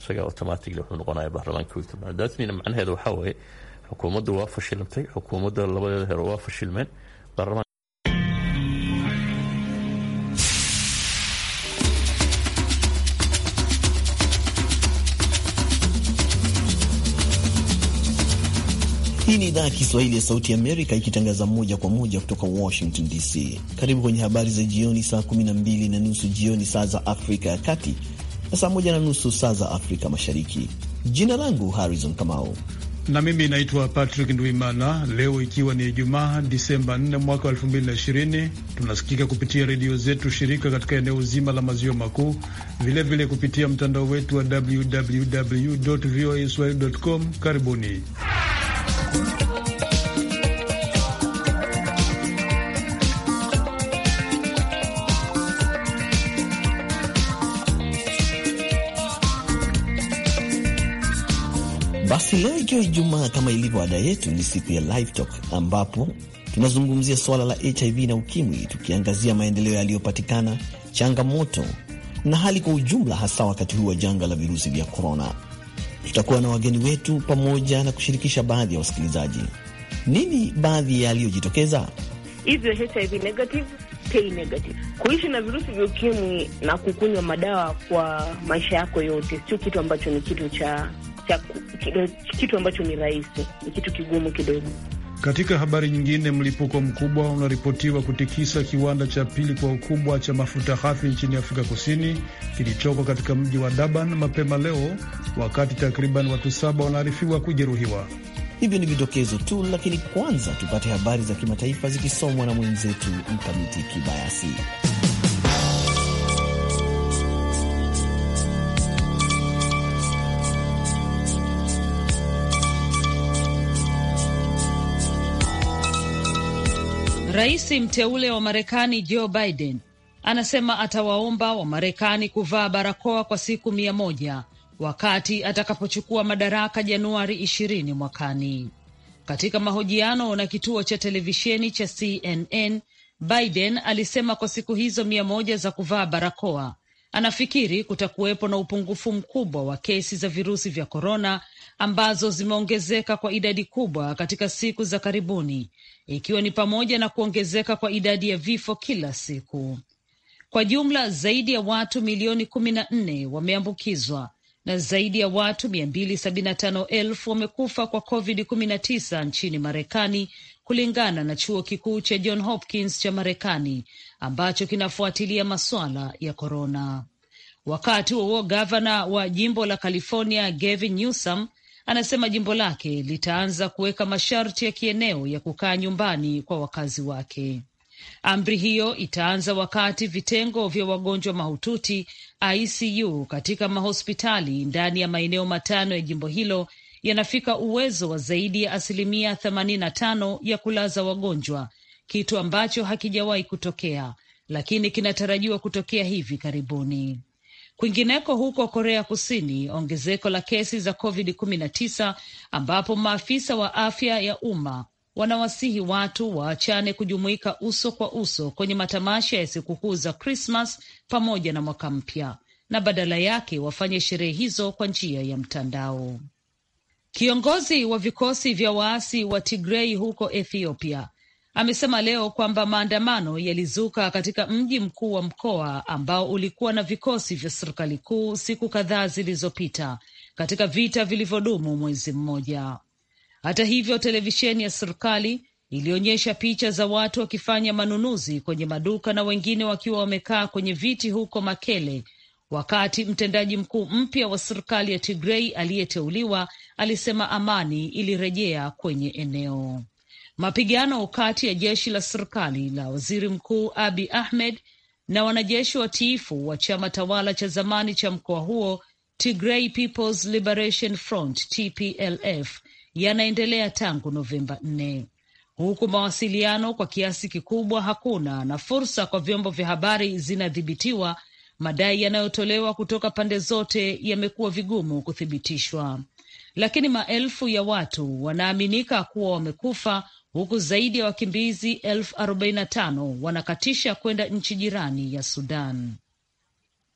isaga automatically wuxuu noqonayaa baarlamaanka puntland macnaheeda waxaa xukuumaddu waa xukuumadda labadeeda waa fashilmeen Hii ni idhaa ya Kiswahili ya Sauti Amerika ikitangaza moja kwa moja kutoka Washington DC. Karibu kwenye habari za jioni, saa 12 na nusu jioni saa za Afrika ya Kati na saa moja na nusu saa za Afrika Mashariki. Jina langu Harrison Kamau na mimi naitwa Patrick Ndwimana. Leo ikiwa ni Ijumaa, Disemba 4 mwaka wa 2020, tunasikika kupitia redio zetu shirika katika eneo zima la maziwa makuu, vilevile kupitia mtandao wetu wa www voa swahili com. Karibuni. Basi leo ikiwa Ijumaa, kama ilivyo ada yetu, ni siku ya Live Talk ambapo tunazungumzia suala la HIV na UKIMWI, tukiangazia maendeleo yaliyopatikana, changamoto na hali kwa ujumla, hasa wakati huu wa janga la virusi vya korona. Tutakuwa na wageni wetu pamoja na kushirikisha baadhi ya wasikilizaji nini baadhi ya yaliyojitokeza hivyo. HIV negative negative, kuishi na virusi vya ukimwi na kukunywa madawa kwa maisha yako yote sio kitu ambacho ni kitu cha cha kitu ambacho ni rahisi, ni kitu kigumu kidogo. Katika habari nyingine, mlipuko mkubwa unaripotiwa kutikisa kiwanda cha pili kwa ukubwa cha mafuta ghafi nchini Afrika Kusini kilichoko katika mji wa Durban mapema leo, wakati takriban watu saba wanaarifiwa kujeruhiwa. Hivyo ni vidokezo tu, lakini kwanza tupate habari za kimataifa zikisomwa na mwenzetu Mkamiti Kibayasi. Rais mteule wa Marekani Joe Biden anasema atawaomba Wamarekani kuvaa barakoa kwa siku mia moja wakati atakapochukua madaraka Januari ishirini mwakani. Katika mahojiano na kituo cha televisheni cha CNN, Biden alisema kwa siku hizo mia moja za kuvaa barakoa, anafikiri kutakuwepo na upungufu mkubwa wa kesi za virusi vya korona ambazo zimeongezeka kwa idadi kubwa katika siku za karibuni, ikiwa ni pamoja na kuongezeka kwa idadi ya vifo kila siku. Kwa jumla zaidi ya watu milioni kumi na nne wameambukizwa na zaidi ya watu mia mbili sabini na tano elfu wamekufa kwa covid 19 nchini Marekani, kulingana na chuo kikuu cha John Hopkins cha Marekani ambacho kinafuatilia masuala ya korona. Wakati huo gavana wa jimbo la California Gavin Newsom Anasema jimbo lake litaanza kuweka masharti ya kieneo ya kukaa nyumbani kwa wakazi wake. Amri hiyo itaanza wakati vitengo vya wagonjwa mahututi ICU katika mahospitali ndani ya maeneo matano ya jimbo hilo yanafika uwezo wa zaidi ya asilimia 85 ya kulaza wagonjwa, kitu ambacho hakijawahi kutokea, lakini kinatarajiwa kutokea hivi karibuni. Kwingineko huko Korea Kusini, ongezeko la kesi za COVID-19 ambapo maafisa wa afya ya umma wanawasihi watu waachane kujumuika uso kwa uso kwenye matamasha ya sikukuu za Krismas pamoja na mwaka mpya na badala yake wafanye sherehe hizo kwa njia ya mtandao. Kiongozi wa vikosi vya waasi wa Tigrei huko Ethiopia amesema leo kwamba maandamano yalizuka katika mji mkuu wa mkoa ambao ulikuwa na vikosi vya serikali kuu siku kadhaa zilizopita katika vita vilivyodumu mwezi mmoja. Hata hivyo, televisheni ya serikali ilionyesha picha za watu wakifanya manunuzi kwenye maduka na wengine wakiwa wamekaa kwenye viti huko Makele, wakati mtendaji mkuu mpya wa serikali ya Tigrei aliyeteuliwa alisema amani ilirejea kwenye eneo. Mapigano kati ya jeshi la serikali la waziri mkuu Abi Ahmed na wanajeshi watiifu wa chama tawala cha zamani cha mkoa huo Tigray People's Liberation Front TPLF yanaendelea tangu Novemba 4 huku mawasiliano kwa kiasi kikubwa hakuna na fursa kwa vyombo vya habari zinadhibitiwa. Madai yanayotolewa kutoka pande zote yamekuwa vigumu kuthibitishwa, lakini maelfu ya watu wanaaminika kuwa wamekufa huku zaidi ya wakimbizi elfu arobaini na tano wanakatisha kwenda nchi jirani ya Sudan.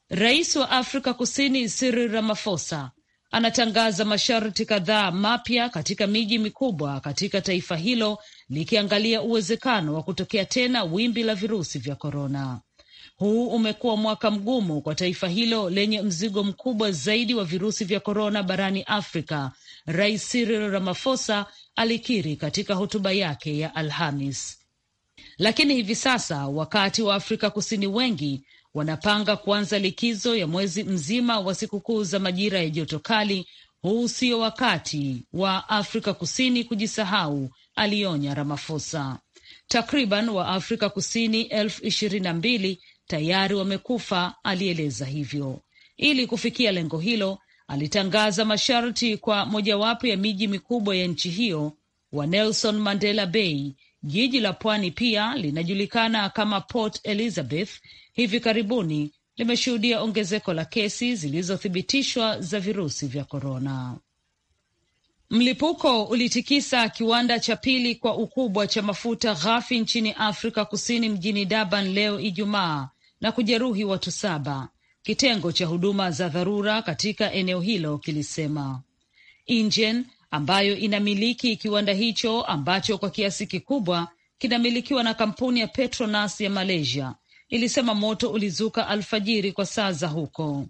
Rais wa Afrika Kusini Cyril Ramaphosa anatangaza masharti kadhaa mapya katika miji mikubwa katika taifa hilo likiangalia uwezekano wa kutokea tena wimbi la virusi vya korona. Huu umekuwa mwaka mgumu kwa taifa hilo lenye mzigo mkubwa zaidi wa virusi vya korona barani Afrika Rais Cyril Ramaphosa alikiri katika hotuba yake ya Alhamis. Lakini hivi sasa wakati wa Afrika Kusini wengi wanapanga kuanza likizo ya mwezi mzima wa sikukuu za majira ya joto kali, huu sio wakati wa Afrika Kusini kujisahau, alionya Ramaphosa. Takriban wa Afrika Kusini elfu ishirini na mbili tayari wamekufa, alieleza hivyo. Ili kufikia lengo hilo, alitangaza masharti kwa mojawapo ya miji mikubwa ya nchi hiyo wa Nelson Mandela Bay. Jiji la pwani pia linajulikana kama Port Elizabeth, hivi karibuni limeshuhudia ongezeko la kesi zilizothibitishwa za virusi vya korona. Mlipuko ulitikisa kiwanda cha pili kwa ukubwa cha mafuta ghafi nchini Afrika Kusini, mjini Durban leo Ijumaa, na kujeruhi watu saba Kitengo cha huduma za dharura katika eneo hilo kilisema Ingen ambayo inamiliki kiwanda hicho ambacho kwa kiasi kikubwa kinamilikiwa na kampuni ya Petronas ya Malaysia ilisema moto ulizuka alfajiri kwa saa za huko.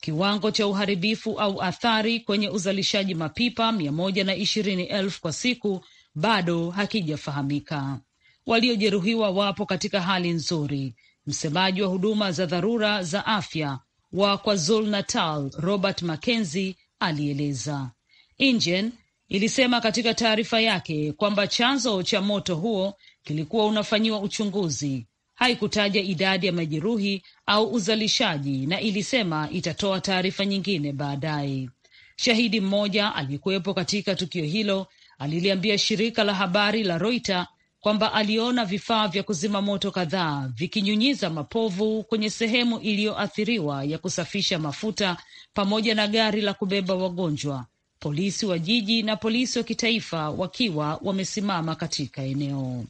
Kiwango cha uharibifu au athari kwenye uzalishaji mapipa mia moja na ishirini elfu kwa siku bado hakijafahamika. Waliojeruhiwa wapo katika hali nzuri, Msemaji wa huduma za dharura za afya wa KwaZulu Natal Robert Mackenzie alieleza. Ingen ilisema katika taarifa yake kwamba chanzo cha moto huo kilikuwa unafanyiwa uchunguzi. Haikutaja idadi ya majeruhi au uzalishaji na ilisema itatoa taarifa nyingine baadaye. Shahidi mmoja aliyekuwepo katika tukio hilo aliliambia shirika la habari la Reuters kwamba aliona vifaa vya kuzima moto kadhaa vikinyunyiza mapovu kwenye sehemu iliyoathiriwa ya kusafisha mafuta pamoja na gari la kubeba wagonjwa, polisi wa jiji na polisi wa kitaifa wakiwa wamesimama katika eneo.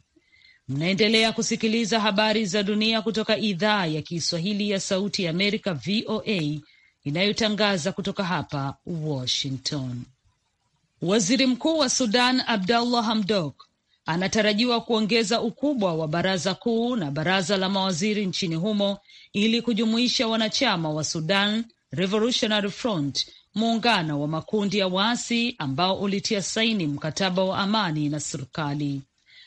Mnaendelea kusikiliza habari za dunia kutoka idhaa ya Kiswahili ya Sauti ya Amerika, VOA, inayotangaza kutoka hapa Washington. Waziri Mkuu wa Sudan Abdallah Hamdok anatarajiwa kuongeza ukubwa wa baraza kuu na baraza la mawaziri nchini humo ili kujumuisha wanachama wa Sudan Revolutionary Front, muungano wa makundi ya waasi ambao ulitia saini mkataba wa amani na serikali.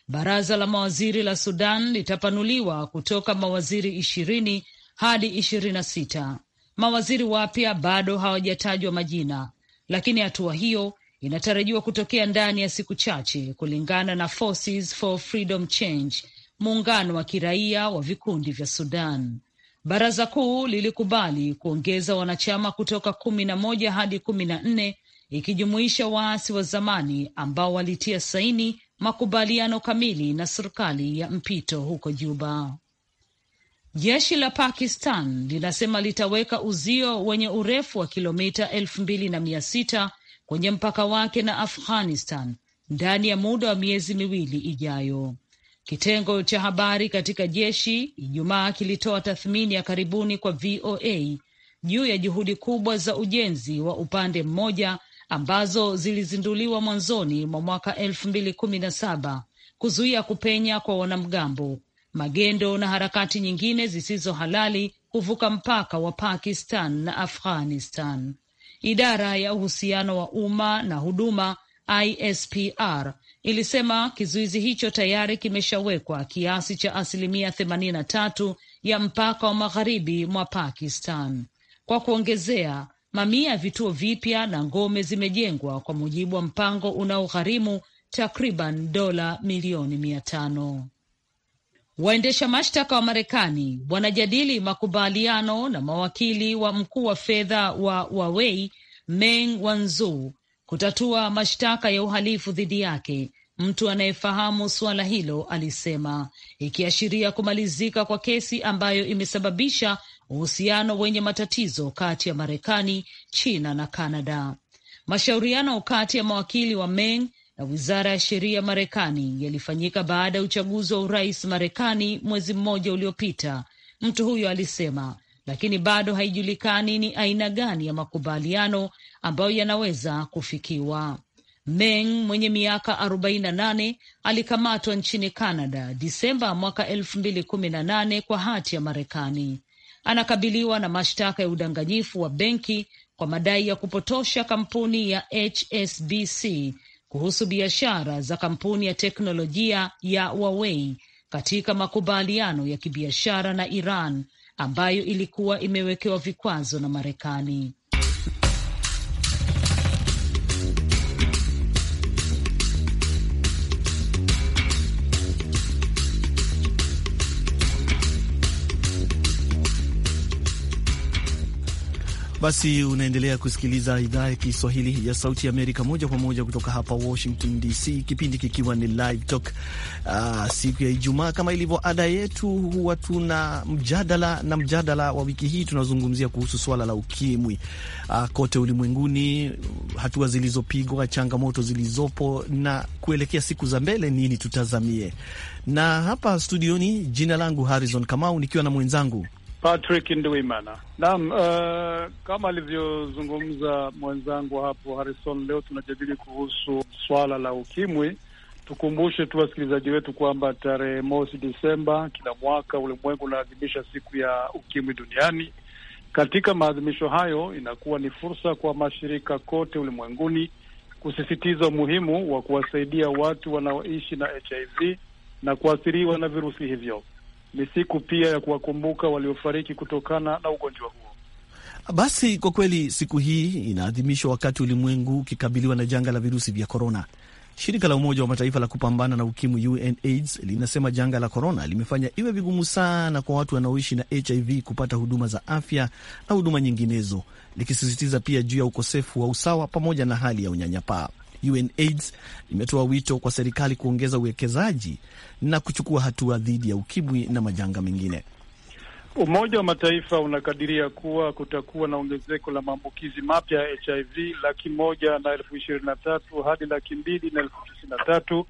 Baraza la mawaziri la Sudan litapanuliwa kutoka mawaziri ishirini hadi ishirini na sita. Mawaziri wapya bado hawajatajwa majina, lakini hatua hiyo inatarajiwa kutokea ndani ya siku chache, kulingana na Forces for Freedom Change, muungano wa kiraia wa vikundi vya Sudan. Baraza kuu lilikubali kuongeza wanachama kutoka kumi na moja hadi kumi na nne ikijumuisha waasi wa zamani ambao walitia saini makubaliano kamili na serikali ya mpito huko Juba. Jeshi la Pakistan linasema litaweka uzio wenye urefu wa kilomita elfu mbili na mia sita kwenye mpaka wake na Afghanistan ndani ya muda wa miezi miwili ijayo. Kitengo cha habari katika jeshi Ijumaa kilitoa tathmini ya karibuni kwa VOA juu ya juhudi kubwa za ujenzi wa upande mmoja ambazo zilizinduliwa mwanzoni mwa mwaka elfu mbili kumi na saba kuzuia kupenya kwa wanamgambo, magendo na harakati nyingine zisizo halali kuvuka mpaka wa Pakistan na Afghanistan. Idara ya uhusiano wa umma na huduma ISPR ilisema kizuizi hicho tayari kimeshawekwa kiasi cha asilimia themanini na tatu ya mpaka wa magharibi mwa Pakistan. Kwa kuongezea, mamia ya vituo vipya na ngome zimejengwa kwa mujibu wa mpango unaogharimu takriban dola milioni mia tano. Waendesha mashtaka wa Marekani wanajadili makubaliano na mawakili wa mkuu wa fedha wa Huawei Meng Wanzhou kutatua mashtaka ya uhalifu dhidi yake, mtu anayefahamu suala hilo alisema, ikiashiria kumalizika kwa kesi ambayo imesababisha uhusiano wenye matatizo kati ya Marekani, China na Kanada. Mashauriano kati ya mawakili wa Meng na wizara ya sheria Marekani yalifanyika baada ya uchaguzi wa urais Marekani mwezi mmoja uliopita, mtu huyo alisema, lakini bado haijulikani ni aina gani ya makubaliano ambayo yanaweza kufikiwa. Meng mwenye miaka 48 alikamatwa nchini Canada Disemba mwaka 2018 kwa hati ya Marekani. Anakabiliwa na mashtaka ya udanganyifu wa benki kwa madai ya kupotosha kampuni ya HSBC kuhusu biashara za kampuni ya teknolojia ya Huawei katika makubaliano ya kibiashara na Iran ambayo ilikuwa imewekewa vikwazo na Marekani. Basi unaendelea kusikiliza idhaa ya Kiswahili ya Sauti Amerika moja kwa moja kutoka hapa Washington DC, kipindi kikiwa ni Live Talk uh, siku ya Ijumaa. Kama ilivyo ada yetu, huwa tuna mjadala, na mjadala wa wiki hii tunazungumzia kuhusu swala la ukimwi uh, kote ulimwenguni, hatua zilizopigwa, changamoto zilizopo, na kuelekea siku za mbele, nini tutazamie. Na hapa studioni, jina langu Harrison Kamau nikiwa na mwenzangu Patrick Ndwimana. Naam, uh, kama alivyozungumza mwenzangu hapo Harrison, leo tunajadili kuhusu swala la ukimwi. Tukumbushe tu wasikilizaji wetu kwamba tarehe mosi Desemba kila mwaka ulimwengu unaadhimisha siku ya ukimwi duniani. Katika maadhimisho hayo, inakuwa ni fursa kwa mashirika kote ulimwenguni kusisitiza umuhimu wa kuwasaidia watu wanaoishi na HIV na kuathiriwa na virusi hivyo ni siku pia ya kuwakumbuka waliofariki kutokana na ugonjwa huo. Basi kwa kweli siku hii inaadhimishwa wakati ulimwengu ukikabiliwa na janga la virusi vya korona. Shirika la Umoja wa Mataifa la kupambana na ukimwi UNAIDS linasema janga la korona limefanya iwe vigumu sana kwa watu wanaoishi na HIV kupata huduma za afya na huduma nyinginezo, likisisitiza pia juu ya ukosefu wa usawa pamoja na hali ya unyanyapaa. UNAIDS imetoa wito kwa serikali kuongeza uwekezaji na kuchukua hatua dhidi ya ukimwi na majanga mengine. Umoja wa Mataifa unakadiria kuwa kutakuwa na ongezeko la maambukizi mapya ya HIV laki moja na elfu ishirini na tatu hadi laki mbili na elfu tisini na tatu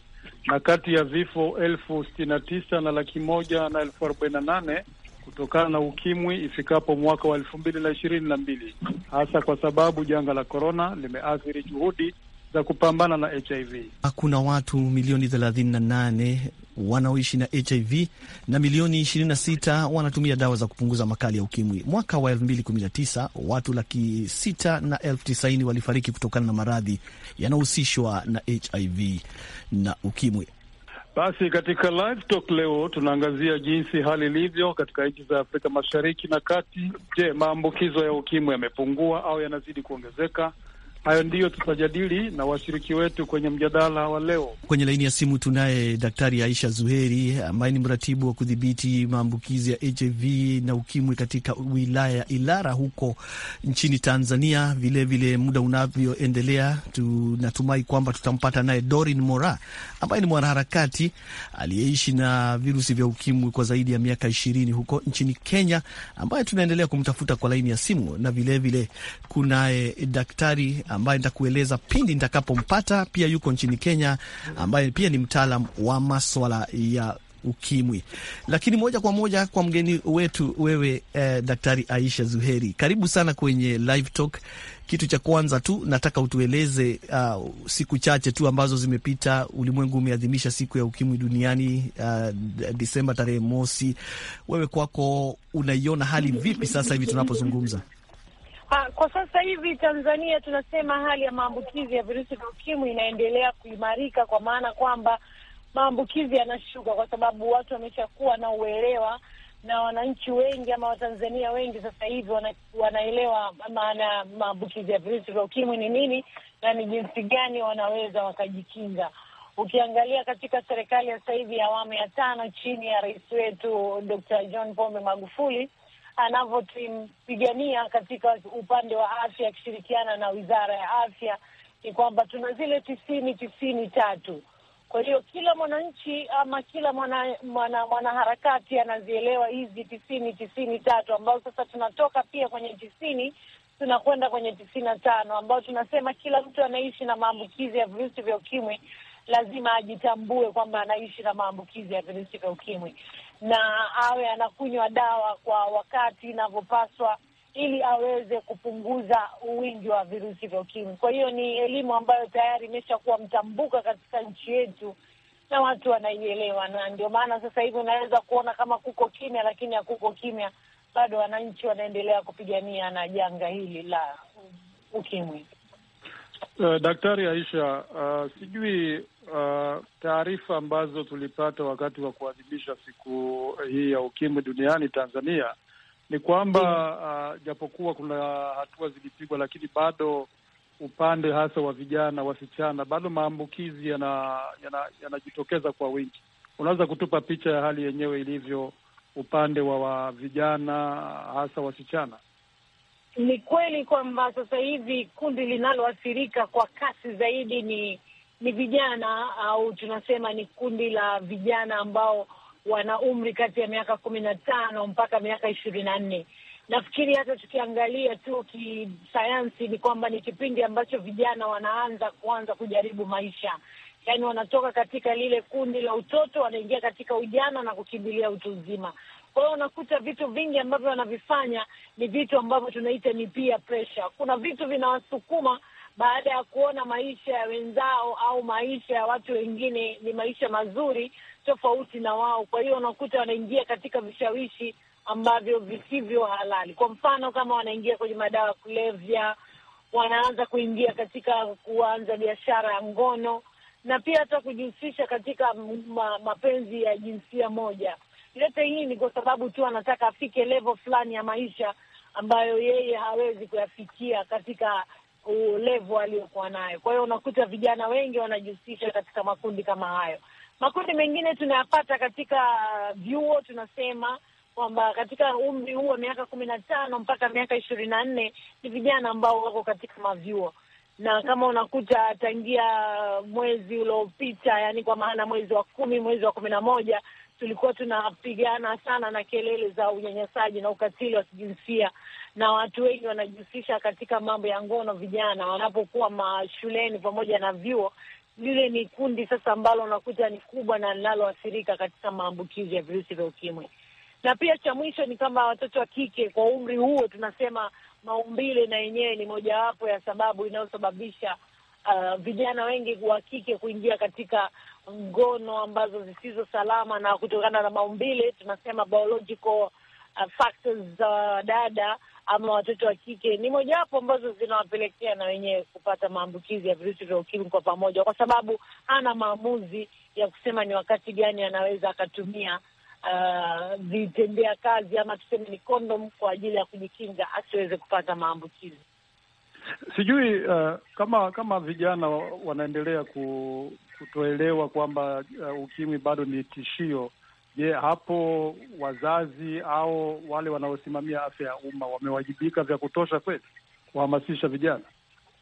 na kati ya vifo elfu sitini na tisa na laki moja na elfu arobaini na nane kutokana na ukimwi ifikapo mwaka wa elfu mbili na ishirini na mbili hasa kwa sababu janga la korona limeathiri juhudi za kupambana na HIV. Kuna watu milioni 38 wanaoishi na HIV na milioni 26 wanatumia dawa za kupunguza makali ya ukimwi. Mwaka wa 2019 watu laki sita na elfu tisaini walifariki kutokana na maradhi yanayohusishwa na HIV na ukimwi. Basi katika live talk leo tunaangazia jinsi hali ilivyo katika nchi za Afrika Mashariki na Kati. Je, maambukizo ya ukimwi yamepungua au yanazidi kuongezeka? Hayo ndiyo tutajadili na washiriki wetu kwenye mjadala wa leo. Kwenye laini ya simu tunaye Daktari Aisha Zuheri ambaye ni mratibu wa kudhibiti maambukizi ya HIV na ukimwi katika wilaya ya Ilara huko nchini Tanzania. Vilevile vile muda unavyoendelea, tunatumai kwamba tutampata naye Dorin Mora ambaye ni mwanaharakati aliyeishi na virusi vya ukimwi kwa zaidi ya miaka ishirini huko nchini Kenya, ambaye tunaendelea kumtafuta kwa laini ya simu na vilevile kunaye daktari ambaye nitakueleza pindi nitakapompata. Pia yuko nchini Kenya, ambaye pia ni mtaalam wa maswala ya ukimwi. Lakini moja kwa moja kwa mgeni wetu wewe, eh, Daktari Aisha Zuheri, karibu sana kwenye Live Talk. Kitu cha kwanza tu nataka utueleze, uh, siku chache tu ambazo zimepita, ulimwengu umeadhimisha siku ya ukimwi duniani, uh, Disemba tarehe mosi. Wewe kwako unaiona hali vipi sasa hivi tunapozungumza? Ha, kwa sasa hivi Tanzania tunasema hali ya maambukizi ya virusi vya ukimwi inaendelea kuimarika, kwa maana kwamba maambukizi yanashuka kwa sababu watu wameshakuwa na uelewa, na wananchi wengi ama Watanzania wengi sasa hivi wana, wanaelewa maana maambukizi ya virusi vya ukimwi ni nini na ni jinsi gani wanaweza wakajikinga. Ukiangalia katika serikali ya sasa hivi ya awamu ya tano chini ya rais wetu Dr. John Pombe Magufuli anavyotimpigania katika upande wa afya akishirikiana na wizara ya afya ni kwamba tuna zile tisini tisini tatu. Kwa hiyo kila mwananchi ama kila mwanaharakati mwana, mwana anazielewa hizi tisini tisini tatu, ambazo sasa tunatoka pia kwenye tisini tunakwenda kwenye tisini na tano, ambao tunasema kila mtu anaishi na maambukizi ya virusi vya ukimwi lazima ajitambue kwamba anaishi na maambukizi ya virusi vya ukimwi na awe anakunywa dawa kwa wakati inavyopaswa ili aweze kupunguza wingi wa virusi vya ukimwi. Kwa hiyo ni elimu ambayo tayari imeshakuwa mtambuka katika nchi yetu na watu wanaielewa, na ndio maana sasa hivi unaweza kuona kama kuko kimya, lakini hakuko kimya, bado wananchi wanaendelea kupigania na janga hili la ukimwi. Uh, Daktari Aisha, uh, sijui uh, taarifa ambazo tulipata wakati wa kuadhimisha siku hii ya ukimwi duniani Tanzania ni kwamba uh, japokuwa kuna hatua zilipigwa, lakini bado upande hasa wa vijana wasichana, bado maambukizi yanajitokeza yana, yana kwa wingi. Unaweza kutupa picha ya hali yenyewe ilivyo upande wa, wa vijana hasa wasichana? Ni kweli kwamba sasa hivi kundi linaloathirika kwa kasi zaidi ni ni vijana au tunasema ni kundi la vijana ambao wana umri kati ya miaka kumi na tano mpaka miaka ishirini na nne. Nafikiri hata tukiangalia tu kisayansi ni kwamba ni kipindi ambacho vijana wanaanza kuanza kujaribu maisha, yaani wanatoka katika lile kundi la utoto wanaingia katika ujana na kukimbilia utu uzima. Kwa hiyo unakuta vitu vingi ambavyo wanavifanya ni vitu ambavyo tunaita ni peer pressure. Kuna vitu vinawasukuma baada ya kuona maisha ya wenzao au maisha ya watu wengine ni maisha mazuri tofauti na wao, kwa hiyo unakuta wanaingia katika vishawishi ambavyo visivyo halali. Kwa mfano, kama wanaingia kwenye madawa ya kulevya, wanaanza kuingia katika kuanza biashara ya ngono na pia hata kujihusisha katika mapenzi ya jinsia moja yote hii ni kwa sababu tu anataka afike level fulani ya maisha ambayo yeye hawezi kuyafikia katika levo aliyokuwa nayo. Kwa hiyo unakuta vijana wengi wanajihusisha katika makundi kama hayo. Makundi mengine tunayapata katika vyuo, tunasema kwamba katika umri huu wa miaka kumi na tano mpaka miaka ishirini na nne ni vijana ambao wako katika mavyuo, na kama unakuta tangia mwezi uliopita, yani kwa maana mwezi wa kumi, mwezi wa kumi na moja tulikuwa tunapigana sana na kelele za unyanyasaji na ukatili wa kijinsia, na watu wengi wanajihusisha katika mambo ya ngono vijana wanapokuwa mashuleni pamoja na vyuo. Lile ni kundi sasa ambalo unakuta ni kubwa na linaloathirika katika maambukizi ya virusi vya ukimwi. Na pia cha mwisho ni kwamba watoto wa kike kwa umri huo, tunasema maumbile na yenyewe ni mojawapo ya sababu inayosababisha uh, vijana wengi wa kike kuingia katika ngono ambazo zisizo salama, na kutokana na maumbile tunasema biological uh, factors za uh, dada ama watoto wa kike ni mojawapo ambazo zinawapelekea na wenyewe kupata maambukizi ya virusi vya ukimwi kwa pamoja, kwa sababu hana maamuzi ya kusema ni wakati gani anaweza akatumia uh, vitendea kazi ama tuseme ni kondom kwa ajili ya kujikinga asiweze kupata maambukizi. Sijui uh, kama kama vijana wanaendelea ku, kutoelewa kwamba uh, ukimwi bado ni tishio. Je, hapo wazazi au wale wanaosimamia afya ya umma wamewajibika vya kutosha kweli kuhamasisha vijana?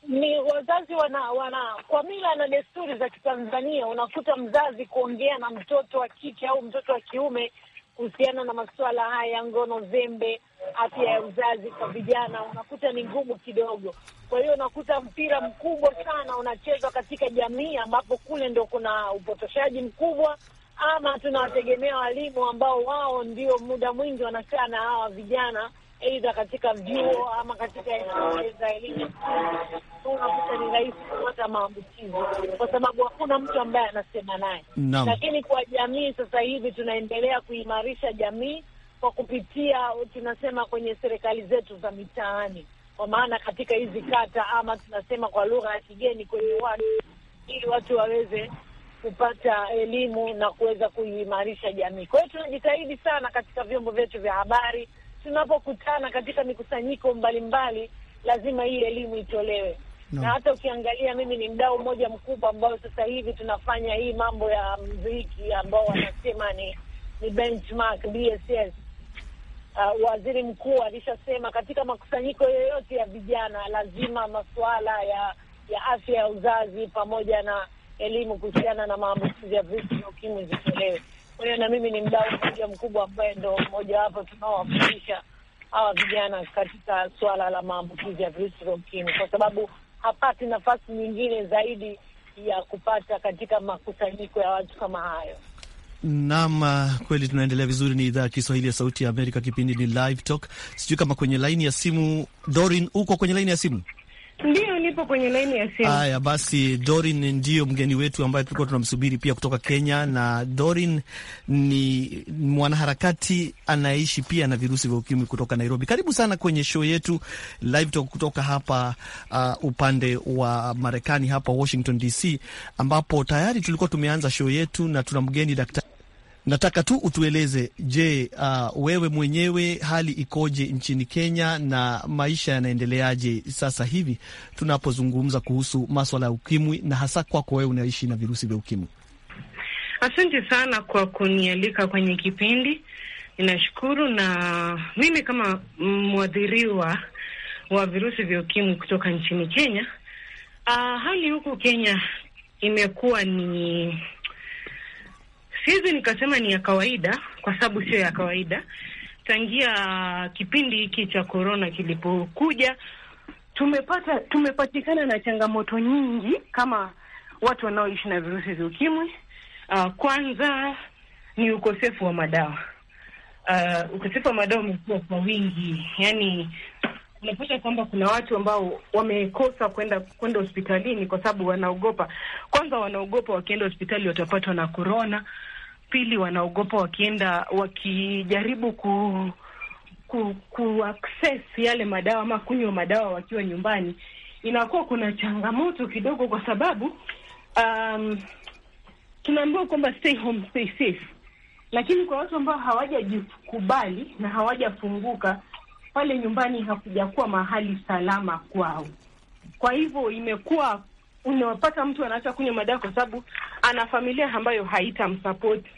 Ni wazazi wana, wana kwa mila na desturi za Kitanzania unakuta mzazi kuongea na mtoto wa kike au mtoto wa kiume kuhusiana na masuala haya ya ngono zembe, afya ya uzazi kwa vijana, unakuta ni ngumu kidogo. Kwa hiyo unakuta mpira mkubwa sana unachezwa katika jamii ambapo kule ndo kuna upotoshaji mkubwa, ama tunawategemea walimu ambao wao ndio muda mwingi wanakaa na hawa vijana, aidha katika vyuo ama katika za elimu maambukizo, kwa sababu hakuna mtu ambaye anasema naye. Lakini kwa jamii sasa hivi tunaendelea kuimarisha jamii kwa kupitia tunasema kwenye serikali zetu za mitaani, kwa maana katika hizi kata ama tunasema kwa lugha ya kigeni kwenye watu, ili watu waweze kupata elimu na kuweza kuimarisha jamii. Kwa hiyo tunajitahidi sana katika vyombo vyetu vya habari, tunapokutana katika mikusanyiko mbalimbali mbali, lazima hii elimu itolewe no. Na hata ukiangalia mimi ni mdau mmoja mkubwa ambao sasa hivi tunafanya hii mambo ya mziki ambao wanasema ni ni benchmark BSS. Uh, waziri mkuu alishasema katika makusanyiko yoyote ya vijana lazima masuala ya ya afya ya uzazi pamoja na elimu kuhusiana na maambukizi ya virusi vya ukimwi zitolewe. Kwa hiyo na mimi ni mdau mmoja mkubwa ambaye ndo mmojawapo tunaowafundisha hawa vijana katika suala la maambukizi ya virusi vya ukimwi, kwa sababu hapati nafasi nyingine zaidi ya kupata katika makusanyiko ya watu kama hayo. Naam, uh, kweli tunaendelea vizuri. Ni idhaa ya Kiswahili ya Sauti ya Amerika, kipindi ni Live Talk. Sijui kama kwenye laini ya simu, Dorin, uko kwenye laini ya simu? Ndio, nipo kwenye laini ya simu. Haya basi, Dorin ndiyo mgeni wetu ambaye tulikuwa tunamsubiri pia kutoka Kenya, na Dorin ni mwanaharakati anayeishi pia na virusi vya ukimwi kutoka Nairobi. Karibu sana kwenye show yetu Live Talk kutoka hapa uh, upande wa Marekani hapa Washington DC, ambapo tayari tulikuwa tumeanza show yetu na tuna mgeni daktari Nataka tu utueleze, je, uh, wewe mwenyewe hali ikoje nchini Kenya na maisha yanaendeleaje sasa hivi tunapozungumza kuhusu maswala ya ukimwi na hasa kwako wewe unaishi na virusi vya ukimwi? Asante sana kwa kunialika kwenye kipindi. Ninashukuru. Na mimi kama mwadhiriwa wa virusi vya ukimwi kutoka nchini Kenya, uh, hali huku Kenya imekuwa ni siwezi nikasema ni ya kawaida kwa sababu sio ya kawaida. Tangia kipindi hiki cha korona kilipokuja, tumepata tumepatikana na changamoto nyingi kama watu wanaoishi na virusi vya ukimwi. Uh, kwanza ni ukosefu wa madawa. Uh, ukosefu wa madawa umekuwa kwa wingi, yani unapata kwamba kuna watu ambao wamekosa kwenda kwenda hospitalini kwa sababu wanaogopa. Kwanza wanaogopa wakienda hospitali watapatwa na korona. Pili, wanaogopa wakienda wakijaribu ku ku, ku access yale madawa ama kunywa madawa wakiwa nyumbani, inakuwa kuna changamoto kidogo, kwa sababu um, tunaambiwa kwamba stay home, stay safe, lakini kwa watu ambao hawajajikubali na hawajafunguka pale nyumbani, hakujakuwa mahali salama kwao. Kwa hivyo imekuwa unawapata mtu anaacha kunywa madawa kwa sababu ana familia ambayo haitamsapoti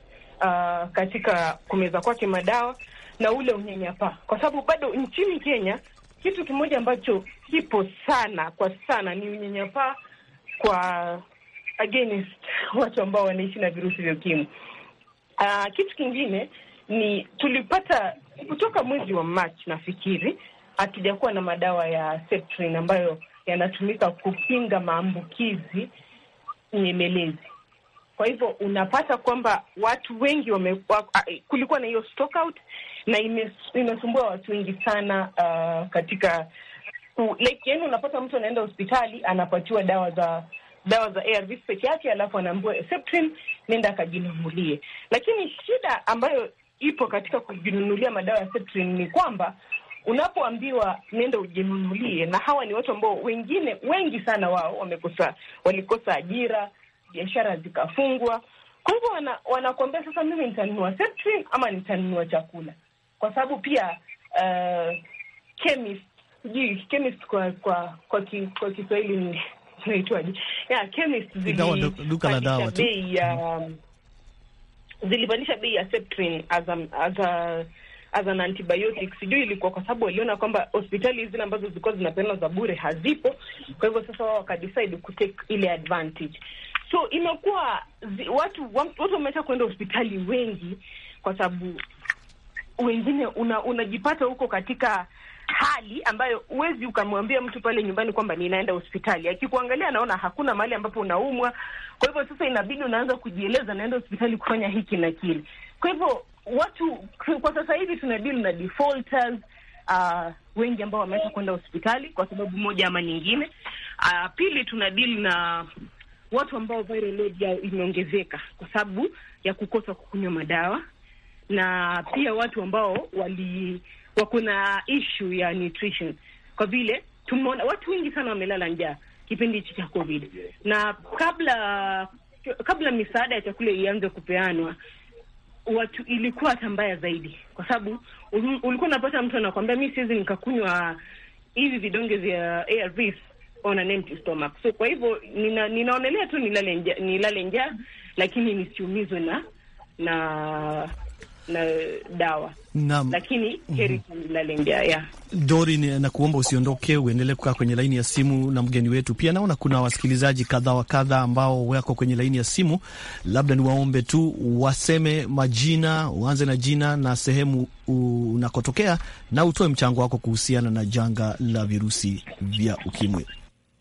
uh, katika kumeza kwake madawa na ule unyanyapaa, kwa sababu bado nchini Kenya kitu kimoja ambacho kipo sana kwa sana ni unyanyapaa kwa against watu ambao wanaishi na virusi vya ukimwi. Uh, kitu kingine ni tulipata kutoka mwezi wa Machi nafikiri, hatujakuwa na madawa ya Septrin ambayo yanatumika kupinga maambukizi nyemelezi. Kwa hivyo unapata kwamba watu wengi wame, kulikuwa na hiyo stock out na imesumbua watu wengi sana uh, katika like, yani unapata mtu anaenda hospitali anapatiwa dawa za dawa za ARV peke yake, alafu anaambiwa Septrin, nenda akajinunulie. Lakini shida ambayo ipo katika kujinunulia madawa ya Septrin ni kwamba unapoambiwa nenda ujinunulie, na hawa ni watu ambao wengine wengi sana wao wamekosa walikosa ajira biashara zikafungwa. Kwa hivyo wana, wanakuambia sasa, mimi nitanunua septrin ama nitanunua chakula, kwa sababu pia uh, chemist, sijui chemist kwa kwa kwa, ki, kwa Kiswahili ni Yeah, chemist zilipandisha bei ya um, zilipandisha bei ya septrin as a, as a as an antibiotic. Sijui ilikuwa kwa sababu waliona kwamba hospitali zile ambazo zilikuwa zinapeana za bure hazipo, kwa hivyo sasa wao wakadecide kutake ile advantage. So imekuwa watu watu wameacha kwenda hospitali wengi, kwa sababu wengine una, unajipata huko katika hali ambayo huwezi ukamwambia mtu pale nyumbani kwamba ninaenda hospitali. Akikuangalia anaona hakuna mahali ambapo unaumwa, kwa hivyo sasa inabidi unaanza kujieleza, naenda hospitali kufanya hiki na kile. Kwa hivyo watu kwa sasa hivi tunadili na defaulters uh, wengi ambao wameweza kwenda hospitali kwa sababu moja ama nyingine. Uh, pili tunadili na watu ambao viral load yao imeongezeka kwa sababu ya kukosa kukunywa madawa, na pia watu ambao wali wako na issue ya nutrition, kwa vile tumeona watu wengi sana wamelala njaa kipindi hichi cha COVID, na kabla kabla misaada ya chakula ianze kupeanwa watu ilikuwa hata mbaya zaidi, kwa sababu ulikuwa unapata mtu anakwambia mi siwezi nikakunywa hivi vidonge vya ARVs on an empty stomach. So kwa hivyo nina, ninaonelea tu nilale njaa, nilale njaa lakini nisiumizwe na na na dawa Nam. Lakini mhm. heri nilale njaa ya Dori. nakuomba kuomba usiondoke, uendelee kukaa kwenye laini ya simu na mgeni wetu pia. Naona kuna wasikilizaji kadha wa kadha ambao wako kwenye laini ya simu, labda niwaombe tu waseme majina, uanze na jina na sehemu unakotokea na utoe mchango wako kuhusiana na janga la virusi vya ukimwi.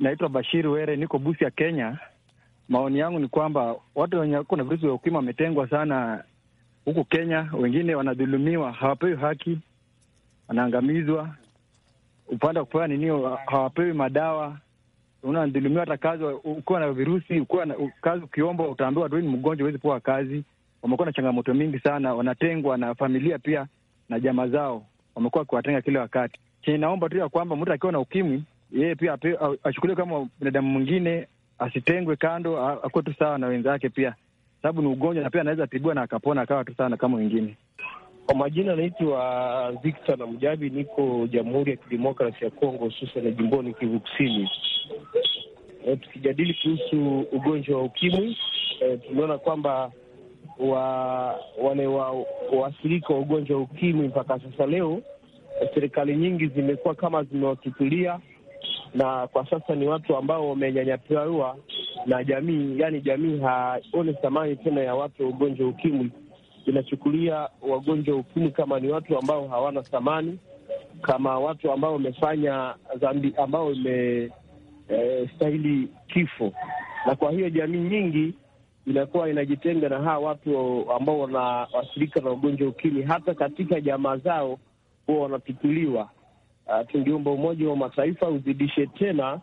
Naitwa Bashir Were, niko Busia, Kenya. Maoni yangu ni kwamba watu wenye wako na virusi vya ukimwi wametengwa sana huku Kenya. Wengine wanadhulumiwa, hawapewi haki, wanaangamizwa. Upande wa kupewa ninio, hawapewi madawa, unadhulumiwa. Hata kazi, ukiwa na virusi, ukiwa na kazi, ukiomba utaambiwa tu ni mgonjwa, huwezi pewa kazi. Wamekuwa na changamoto mingi sana, wanatengwa na familia pia na jamaa zao, wamekuwa wakiwatenga kila wakati. Chenye naomba tu ya kwamba mtu akiwa na ukimwi yeye pia achukuliwe kama binadamu mwingine, asitengwe kando, akuwe tu sawa na wenzake pia, sababu ni ugonjwa na pia anaweza tibiwa na akapona akawa tu sawa kama wengine. Kwa majina anaitwa Victor na Mjabi, niko Jamhuri ya Kidemokrasi ya Kongo, hususan jimboni Kivu Kusini. E, tukijadili kuhusu ugonjwa wa ukimwi e, tumeona kwamba wa wale waathirika wa ugonjwa wa ukimwi mpaka sasa leo eh, serikali nyingi zimekuwa kama zimewachukulia na kwa sasa ni watu ambao wamenyanyapiwa na jamii, yani jamii haoni thamani tena ya watu wa ugonjwa ukimwi, inachukulia wagonjwa ukimwi kama ni watu ambao hawana thamani, kama watu ambao wamefanya dhambi ambao wamestahili eh, e, kifo. Na kwa hiyo jamii nyingi inakuwa inajitenga na hawa watu ambao wanawasirika na ugonjwa ukimwi, hata katika jamaa zao huwa wanapituliwa uh, tungeomba Umoja wa Mataifa uzidishe tena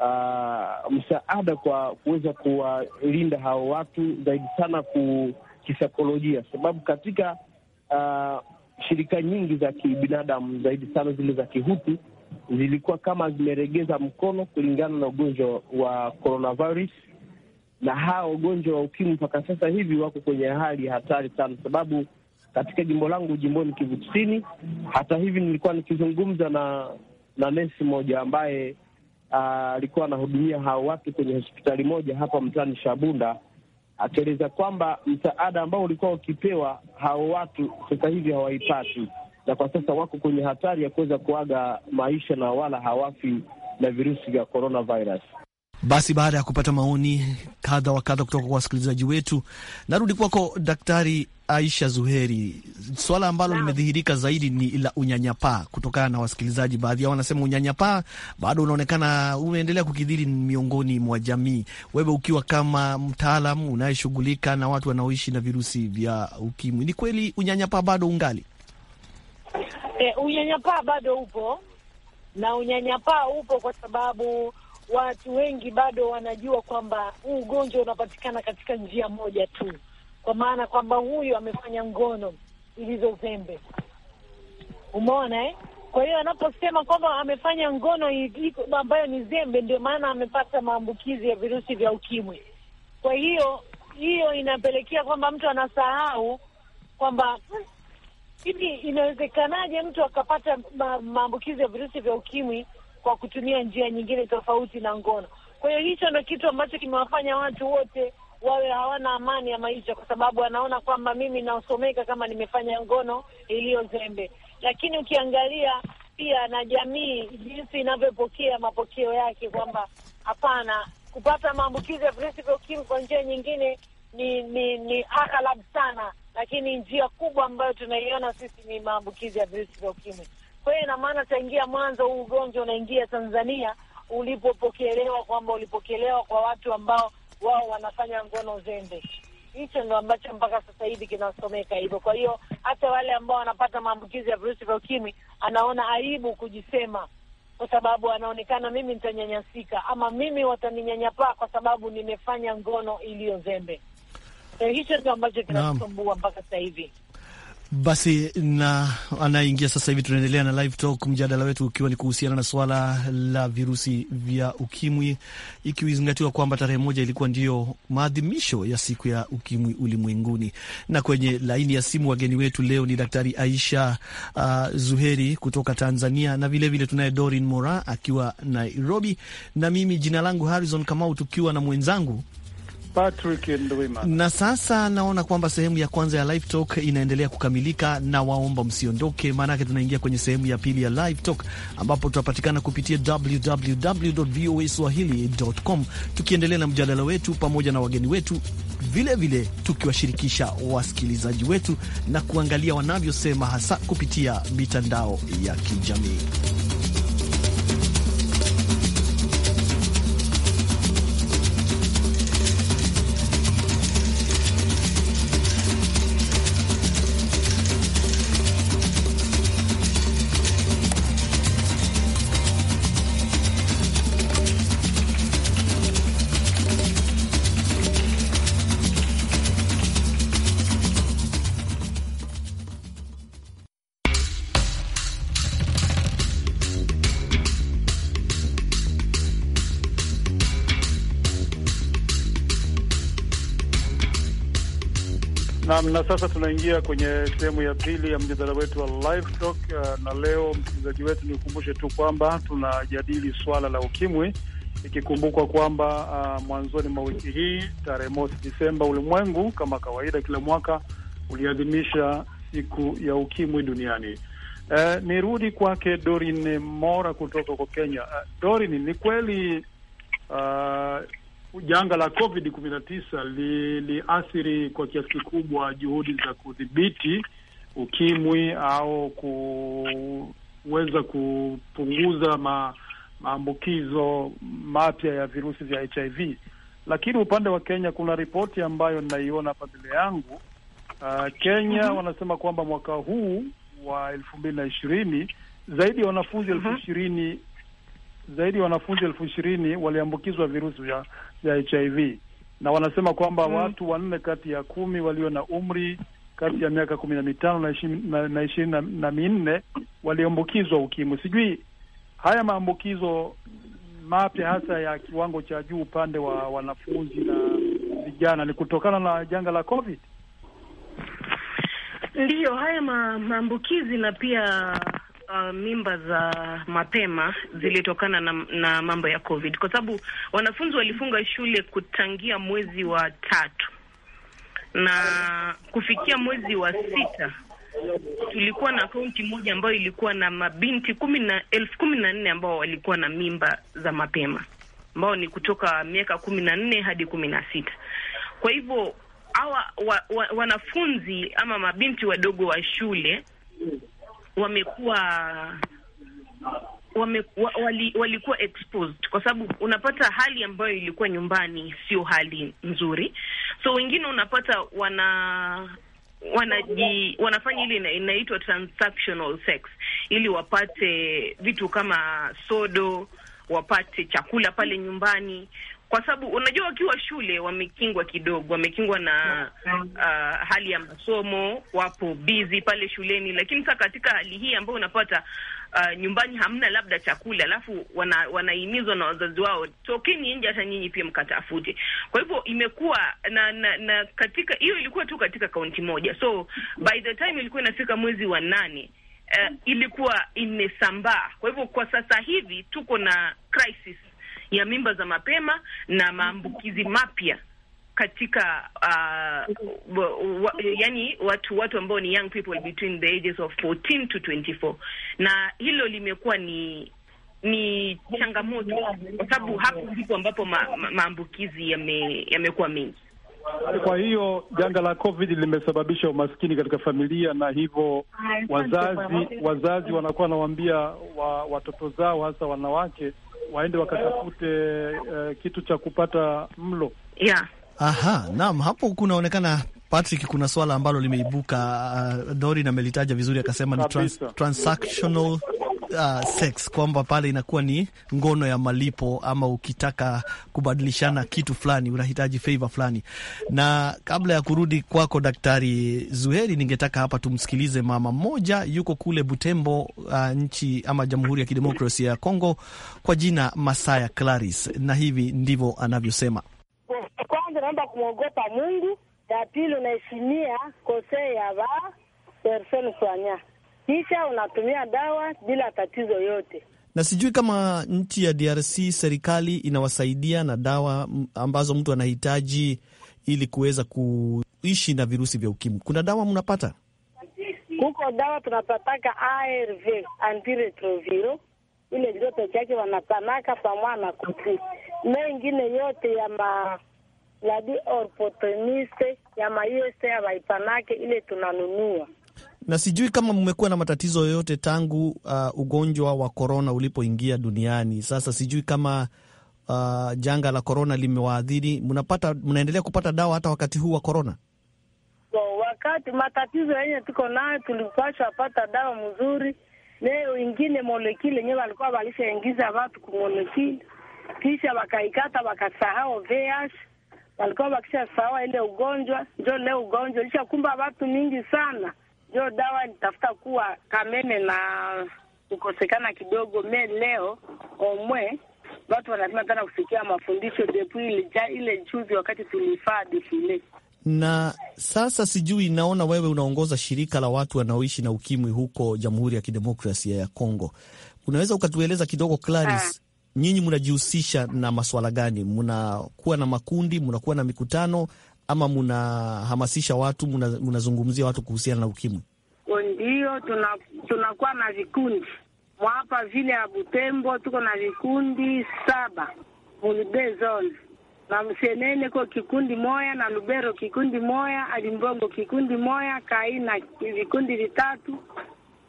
uh, msaada kwa kuweza kuwalinda hao watu zaidi sana kisaikolojia, sababu katika uh, shirika nyingi za kibinadamu zaidi sana zile za kihutu zilikuwa kama zimeregeza mkono kulingana na ugonjwa wa coronavirus, na hawa wagonjwa wa ukimwi mpaka sasa hivi wako kwenye hali hatari sana, sababu katika jimbo langu jimboni Kivu Kusini. Hata hivi nilikuwa nikizungumza na na nesi moja ambaye ah, alikuwa uh, anahudumia hao watu kwenye hospitali moja hapa mtaani Shabunda, akieleza kwamba msaada ambao ulikuwa ukipewa hao watu sasa hivi hawaipati, na kwa sasa wako kwenye hatari ya kuweza kuaga maisha na wala hawafi na virusi vya coronavirus. Basi baada ya kupata maoni kadha wa kadha kutoka kwa wasikilizaji wetu, narudi kwako Daktari Aisha Zuheri. Swala ambalo limedhihirika zaidi ni la unyanyapaa, kutokana na wasikilizaji, baadhi yao wanasema unyanyapaa bado unaonekana umeendelea kukidhiri miongoni mwa jamii. Wewe ukiwa kama mtaalam unayeshughulika na watu wanaoishi na virusi vya ukimwi, ni kweli unyanyapaa bado ungali? E, unyanyapaa bado upo na unyanyapaa upo kwa sababu watu wengi bado wanajua kwamba huu ugonjwa unapatikana katika njia moja tu, kwa maana kwamba huyu amefanya ngono ilizozembe. Umeona eh? Kwa hiyo anaposema kwamba amefanya ngono ambayo ni zembe, ndio maana amepata maambukizi ya virusi vya ukimwi. Kwa hiyo hiyo inapelekea kwamba mtu anasahau kwamba hivi inawezekanaje mtu akapata maambukizi ya virusi vya ukimwi kwa kutumia njia nyingine tofauti na ngono. Kwa hiyo hicho ndo kitu ambacho kimewafanya watu wote wawe hawana amani ya maisha, kwa sababu wanaona kwamba mimi nasomeka kama nimefanya ngono iliyo zembe. Lakini ukiangalia pia na jamii jinsi inavyopokea mapokeo yake kwamba hapana, kupata maambukizi ya virusi vya ukimwi kwa njia nyingine ni ni, ni aghalabu sana, lakini njia kubwa ambayo tunaiona sisi ni maambukizi ya virusi vya ukimwi. Kwa hiyo ina maana taingia mwanzo huu ugonjwa unaingia Tanzania ulipopokelewa, kwamba ulipokelewa kwa watu ambao wao wanafanya ngono zembe. Hicho ndo ambacho mpaka sasa hivi kinasomeka hivyo. Kwa hiyo hata wale ambao wanapata maambukizi ya virusi vya ukimwi anaona aibu kujisema, kwa sababu anaonekana mimi nitanyanyasika ama mimi wataninyanyapaa kwa sababu nimefanya ngono iliyo zembe. Hicho ndo ambacho kinasumbua mpaka sasa hivi. Basi na anayeingia sasa hivi, tunaendelea na live talk, mjadala wetu ukiwa ni kuhusiana na swala la virusi vya ukimwi, ikizingatiwa kwamba tarehe moja ilikuwa ndiyo maadhimisho ya siku ya ukimwi ulimwenguni. Na kwenye laini ya simu wageni wetu leo ni Daktari Aisha uh, Zuheri kutoka Tanzania, na vilevile tunaye Dorin Mora akiwa Nairobi, na mimi jina langu Harrison Kamau, tukiwa na mwenzangu Patrick Ndwima. Na sasa naona kwamba sehemu ya kwanza ya Live Talk inaendelea kukamilika, na waomba msiondoke, maanake tunaingia kwenye sehemu ya pili ya Live Talk ambapo tutapatikana kupitia swahili.com, tukiendelea na mjadala wetu pamoja na wageni wetu, vilevile tukiwashirikisha wasikilizaji wetu na kuangalia wanavyosema hasa kupitia mitandao ya kijamii. Naam, na sasa tunaingia kwenye sehemu ya pili ya mjadala wetu wa live talk, uh, na leo msikilizaji wetu, nikukumbushe tu kwamba tunajadili swala la ukimwi, ikikumbukwa kwamba uh, mwanzoni mwa wiki hii tarehe mosi Disemba, ulimwengu kama kawaida kila mwaka uliadhimisha siku ya ukimwi duniani. Uh, nirudi kwake Dorin Mora kutoka kwa Kenya. Uh, Dorin, ni kweli uh, janga la COVID kumi na tisa liliathiri kwa kiasi kikubwa juhudi za kudhibiti ukimwi au kuweza kupunguza ma, maambukizo mapya ya virusi vya HIV. Lakini upande wa Kenya kuna ripoti ambayo ninaiona hapa mbele yangu. Uh, Kenya mm -hmm. wanasema kwamba mwaka huu wa elfu mbili na ishirini zaidi ya wanafunzi elfu mhm. ishirini zaidi ya wanafunzi elfu ishirini waliambukizwa virusi vya, vya HIV na wanasema kwamba mm, watu wanne kati ya kumi walio na umri kati ya miaka kumi na mitano na ishirini na, na minne waliambukizwa ukimwi. Sijui haya maambukizo mapya hasa ya kiwango cha juu upande wa wanafunzi na vijana ni kutokana na janga la COVID. Ndiyo, haya maambukizi na pia uh, mimba za mapema zilitokana na, na mambo ya COVID kwa sababu wanafunzi walifunga shule kutangia mwezi wa tatu na kufikia mwezi wa sita tulikuwa na kaunti moja ambayo ilikuwa na mabinti kumi na elfu kumi na nne ambao walikuwa na mimba za mapema ambao ni kutoka miaka kumi na nne hadi kumi na sita. Kwa hivyo hawa wa, wa, wanafunzi ama mabinti wadogo wa shule wamekuwa wame, wali, walikuwa exposed kwa sababu unapata hali ambayo ilikuwa nyumbani sio hali nzuri, so wengine unapata wana wanaji wanafanya ile inaitwa transactional sex ili wapate vitu kama sodo, wapate chakula pale nyumbani kwa sababu unajua wakiwa shule wamekingwa kidogo, wamekingwa na uh, hali ya masomo, wapo busy pale shuleni, lakini sasa katika hali hii ambayo unapata uh, nyumbani hamna labda chakula, alafu wanahimizwa wana na wazazi wao, tokeni nje, hata nyinyi pia mkatafute. Kwa hivyo imekuwa na, na, na katika hiyo ilikuwa tu katika kaunti moja, so by the time ilikuwa inafika mwezi wa nane Uh, ilikuwa imesambaa. Kwa hivyo kwa sasa hivi tuko na crisis ya mimba za mapema na maambukizi mapya katika uh, wa, wa, yani watu watu ambao ni young people between the ages of 14 to 24, na hilo limekuwa ni ni changamoto kwa sababu hapo ndipo ambapo ma, ma, maambukizi yamekuwa yame mengi. Kwa hiyo janga la COVID limesababisha umaskini katika familia, na hivyo wazazi wazazi wanakuwa wanawaambia wa, watoto zao hasa wanawake waende wakatafute uh, kitu cha kupata mlo yeah. Aha, naam, hapo kunaonekana Patrick, kuna swala ambalo limeibuka uh, ah, Dori melitaja vizuri akasema ni trans transactional uh, sex kwamba pale inakuwa ni ngono ya malipo, ama ukitaka kubadilishana kitu fulani unahitaji favor fulani. Na kabla ya kurudi kwako Daktari Zuheri, ningetaka hapa tumsikilize mama mmoja yuko kule Butembo, uh, nchi ama Jamhuri ya Kidemokrasia ya Kongo, kwa jina Masaya Claris, na hivi ndivyo anavyosema. Kwanza naomba kumwogopa Mungu, ya pili unaheshimia kosea ya ba persone soignante kisha unatumia dawa bila tatizo yote. Na sijui kama nchi ya DRC serikali inawasaidia na dawa ambazo mtu anahitaji ili kuweza kuishi na virusi vya ukimwi. Kuna dawa mnapata? huko dawa tunapataka ARV, antiretroviro ile ndio chake wanapanaka pamwa na kuti na ingine yote ya ma ladi orpotoniste ya maiste ya waipanake ile tunanunua na sijui kama mmekuwa na matatizo yoyote tangu uh, ugonjwa wa korona ulipoingia duniani. Sasa sijui kama uh, janga la korona limewaadhiri, mnapata mnaendelea kupata dawa hata wakati huu wa korona? So, wakati matatizo yenye tuko nayo tulipashwa pata dawa mzuri leo ingine molekile yenyewe walikuwa walishaingiza watu kumolekile, kisha wakaikata wakasahau VH, walikuwa wakishasahau ile ugonjwa njo leo ugonjwa ulishakumba watu mingi sana hiyo dawa nitafuta kuwa kamene na kukosekana kidogo me leo omwe watu wanapima tena kufikia mafundisho ja ile juzi, wakati tulifaa defile. Na sasa sijui, naona wewe unaongoza shirika la watu wanaoishi na ukimwi huko Jamhuri ya Kidemokrasia ya Kongo, unaweza ukatueleza kidogo Clarice, ah. nyinyi mnajihusisha na maswala gani? Mnakuwa na makundi, mnakuwa na mikutano ama munahamasisha watu, munazungumzia watu kuhusiana na ukimwi? Ndio, tunakuwa tuna na vikundi mwapa vile ya Butembo, tuko na vikundi saba zone na Msenene ko kikundi moya na Lubero kikundi moya Alimbongo kikundi moya Kaina vikundi vitatu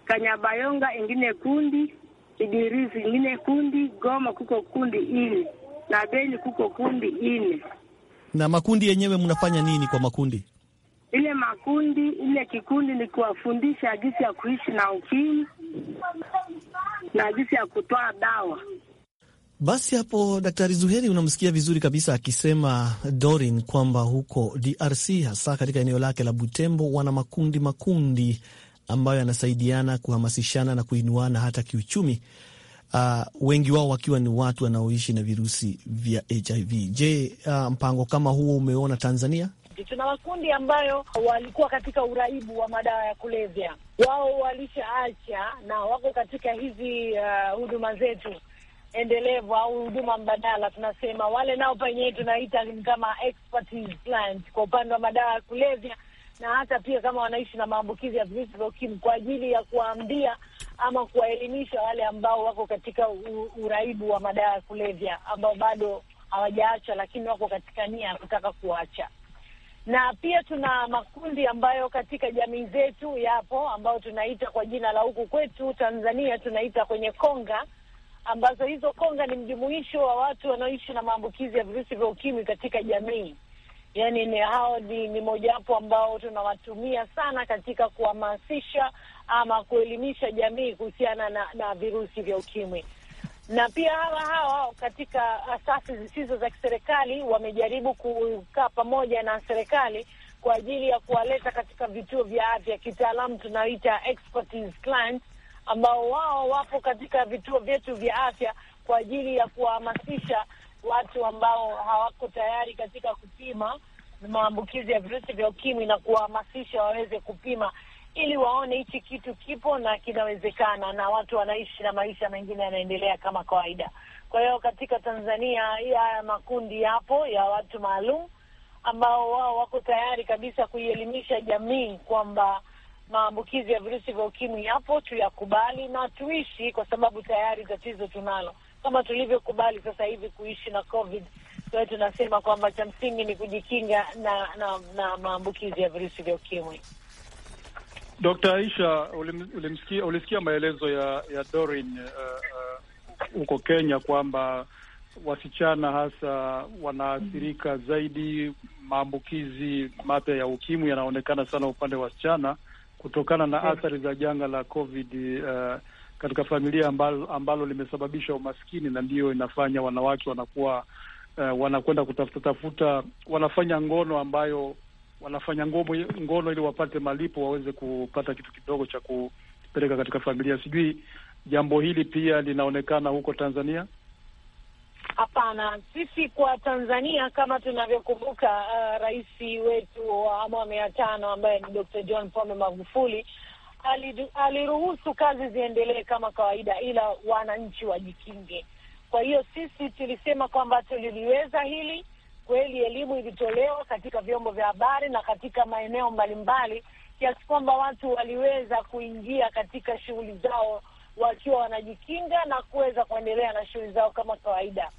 Kanyabayonga ingine kundi Idirizi ingine kundi Goma kuko kundi ine na Beni kuko kundi ine. Na makundi yenyewe mnafanya nini kwa makundi? Ile makundi ile kikundi ni kuwafundisha jinsi ya kuishi na ukimwi na jinsi ya kutoa dawa. Basi hapo Daktari Zuheri unamsikia vizuri kabisa akisema Dorin kwamba huko DRC hasa katika eneo lake la Butembo wana makundi makundi ambayo yanasaidiana kuhamasishana na kuinuana hata kiuchumi uh, wengi wao wakiwa ni watu wanaoishi na virusi vya HIV. Je, uh, mpango kama huo umeona Tanzania? Tuna makundi ambayo walikuwa katika uraibu wa madawa ya kulevya, wao walishaacha na wako katika hizi ah, huduma uh, zetu endelevu au huduma mbadala. Tunasema wale nao penyewe tunaita kama expertise kwa upande wa madawa ya kulevya na hata pia kama wanaishi na maambukizi ya virusi vya ukimwi, kwa ajili ya kuwaambia ama kuwaelimisha wale ambao wako katika urahibu uraibu wa madawa ya kulevya ambao bado hawajaacha, lakini wako katika nia ya kutaka kuacha. Na pia tuna makundi ambayo katika jamii zetu yapo ambayo tunaita kwa jina la huku kwetu Tanzania tunaita kwenye konga, ambazo hizo konga ni mjumuisho wa watu wanaoishi na maambukizi ya virusi vya ukimwi katika jamii yani ni hao ni, ni mojawapo ambao tunawatumia sana katika kuhamasisha ama kuelimisha jamii kuhusiana na, na virusi vya ukimwi na pia hawa hawa katika asasi zisizo za kiserikali wamejaribu kukaa pamoja na serikali kwa ajili ya kuwaleta katika vituo vya afya, kitaalamu tunaita expertise clients, ambao wao wapo katika vituo vyetu vya afya kwa ajili ya kuwahamasisha watu ambao hawako tayari katika kupima maambukizi ya virusi vya ukimwi na kuwahamasisha waweze kupima ili waone hichi kitu kipo na kinawezekana, na watu wanaishi na maisha mengine yanaendelea kama kawaida. Kwa hiyo katika Tanzania haya makundi yapo ya watu maalum ambao wao wako tayari kabisa kuielimisha jamii kwamba maambukizi ya virusi vya ukimwi yapo, tuyakubali na tuishi, kwa sababu tayari tatizo tunalo kama tulivyokubali sasa hivi kuishi na COVID. Kwa hiyo tunasema kwamba cha msingi ni kujikinga na na, na maambukizi ya virusi vya ukimwi. Dkt. Aisha, ulimsikia, ulisikia maelezo ya ya Dorin huko uh, uh, Kenya kwamba wasichana hasa wanaathirika zaidi. Maambukizi mapya ya ukimwi yanaonekana sana upande wa wasichana kutokana na athari za janga la COVID uh, katika familia ambalo, ambalo limesababisha umaskini, na ndiyo inafanya wanawake wanakuwa uh, wanakwenda kutafuta tafuta, wanafanya ngono ambayo wanafanya ngomo, ngono ili wapate malipo waweze kupata kitu kidogo cha kupeleka katika familia. Sijui jambo hili pia linaonekana huko Tanzania. Hapana, sisi kwa Tanzania kama tunavyokumbuka, uh, rais wetu wa awamu ya tano ambaye ni Dr. John Pombe Magufuli aliruhusu kazi ziendelee kama kawaida, ila wananchi wajikinge. Kwa hiyo sisi tulisema kwamba tuliliweza hili kweli. Elimu ilitolewa katika vyombo vya habari na katika maeneo mbalimbali, kiasi kwamba watu waliweza kuingia katika shughuli zao wakiwa wanajikinga na kuweza kuendelea na shughuli zao kama kawaida,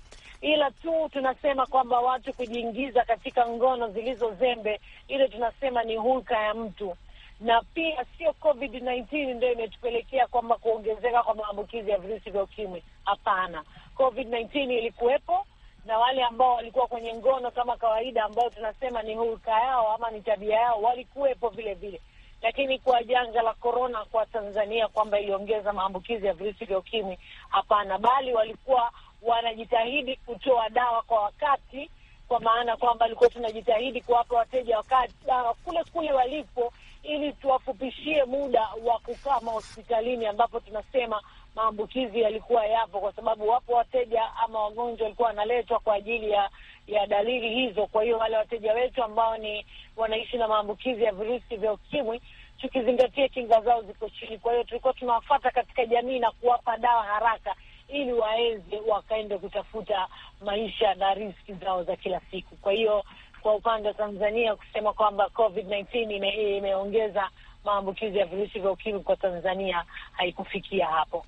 ila tu tunasema kwamba watu kujiingiza katika ngono zilizo zembe, ile tunasema ni hulka ya mtu na pia sio COVID 19 ndio imetupelekea kwamba kuongezeka kwa maambukizi ya virusi vya ukimwi. Hapana, COVID 19 ilikuwepo na wale ambao walikuwa kwenye ngono kama kawaida, ambao tunasema ni hulka yao ama ni tabia yao, walikuwepo vile vile, lakini kwa janga la korona kwa Tanzania kwamba iliongeza maambukizi ya virusi vya ukimwi, hapana, bali walikuwa wanajitahidi kutoa dawa kwa wakati, kwa maana kwamba walikuwa tunajitahidi kuwapa wateja wakati dawa kule kule walipo ili tuwafupishie muda wa kukaa mahospitalini ambapo tunasema maambukizi yalikuwa yapo, kwa sababu wapo wateja ama wagonjwa walikuwa wanaletwa kwa ajili ya ya dalili hizo. Kwa hiyo wale wateja wetu ambao ni wanaishi na maambukizi ya virusi vya ukimwi, tukizingatia kinga zao ziko chini, kwa hiyo tulikuwa tunawafata katika jamii na kuwapa dawa haraka ili waeze wakaende kutafuta maisha na riski zao za kila siku. Kwa hiyo kwa upande wa Tanzania kusema kwamba COVID-19 ime, imeongeza maambukizi ya virusi vya ukimwi kwa Tanzania haikufikia hapo.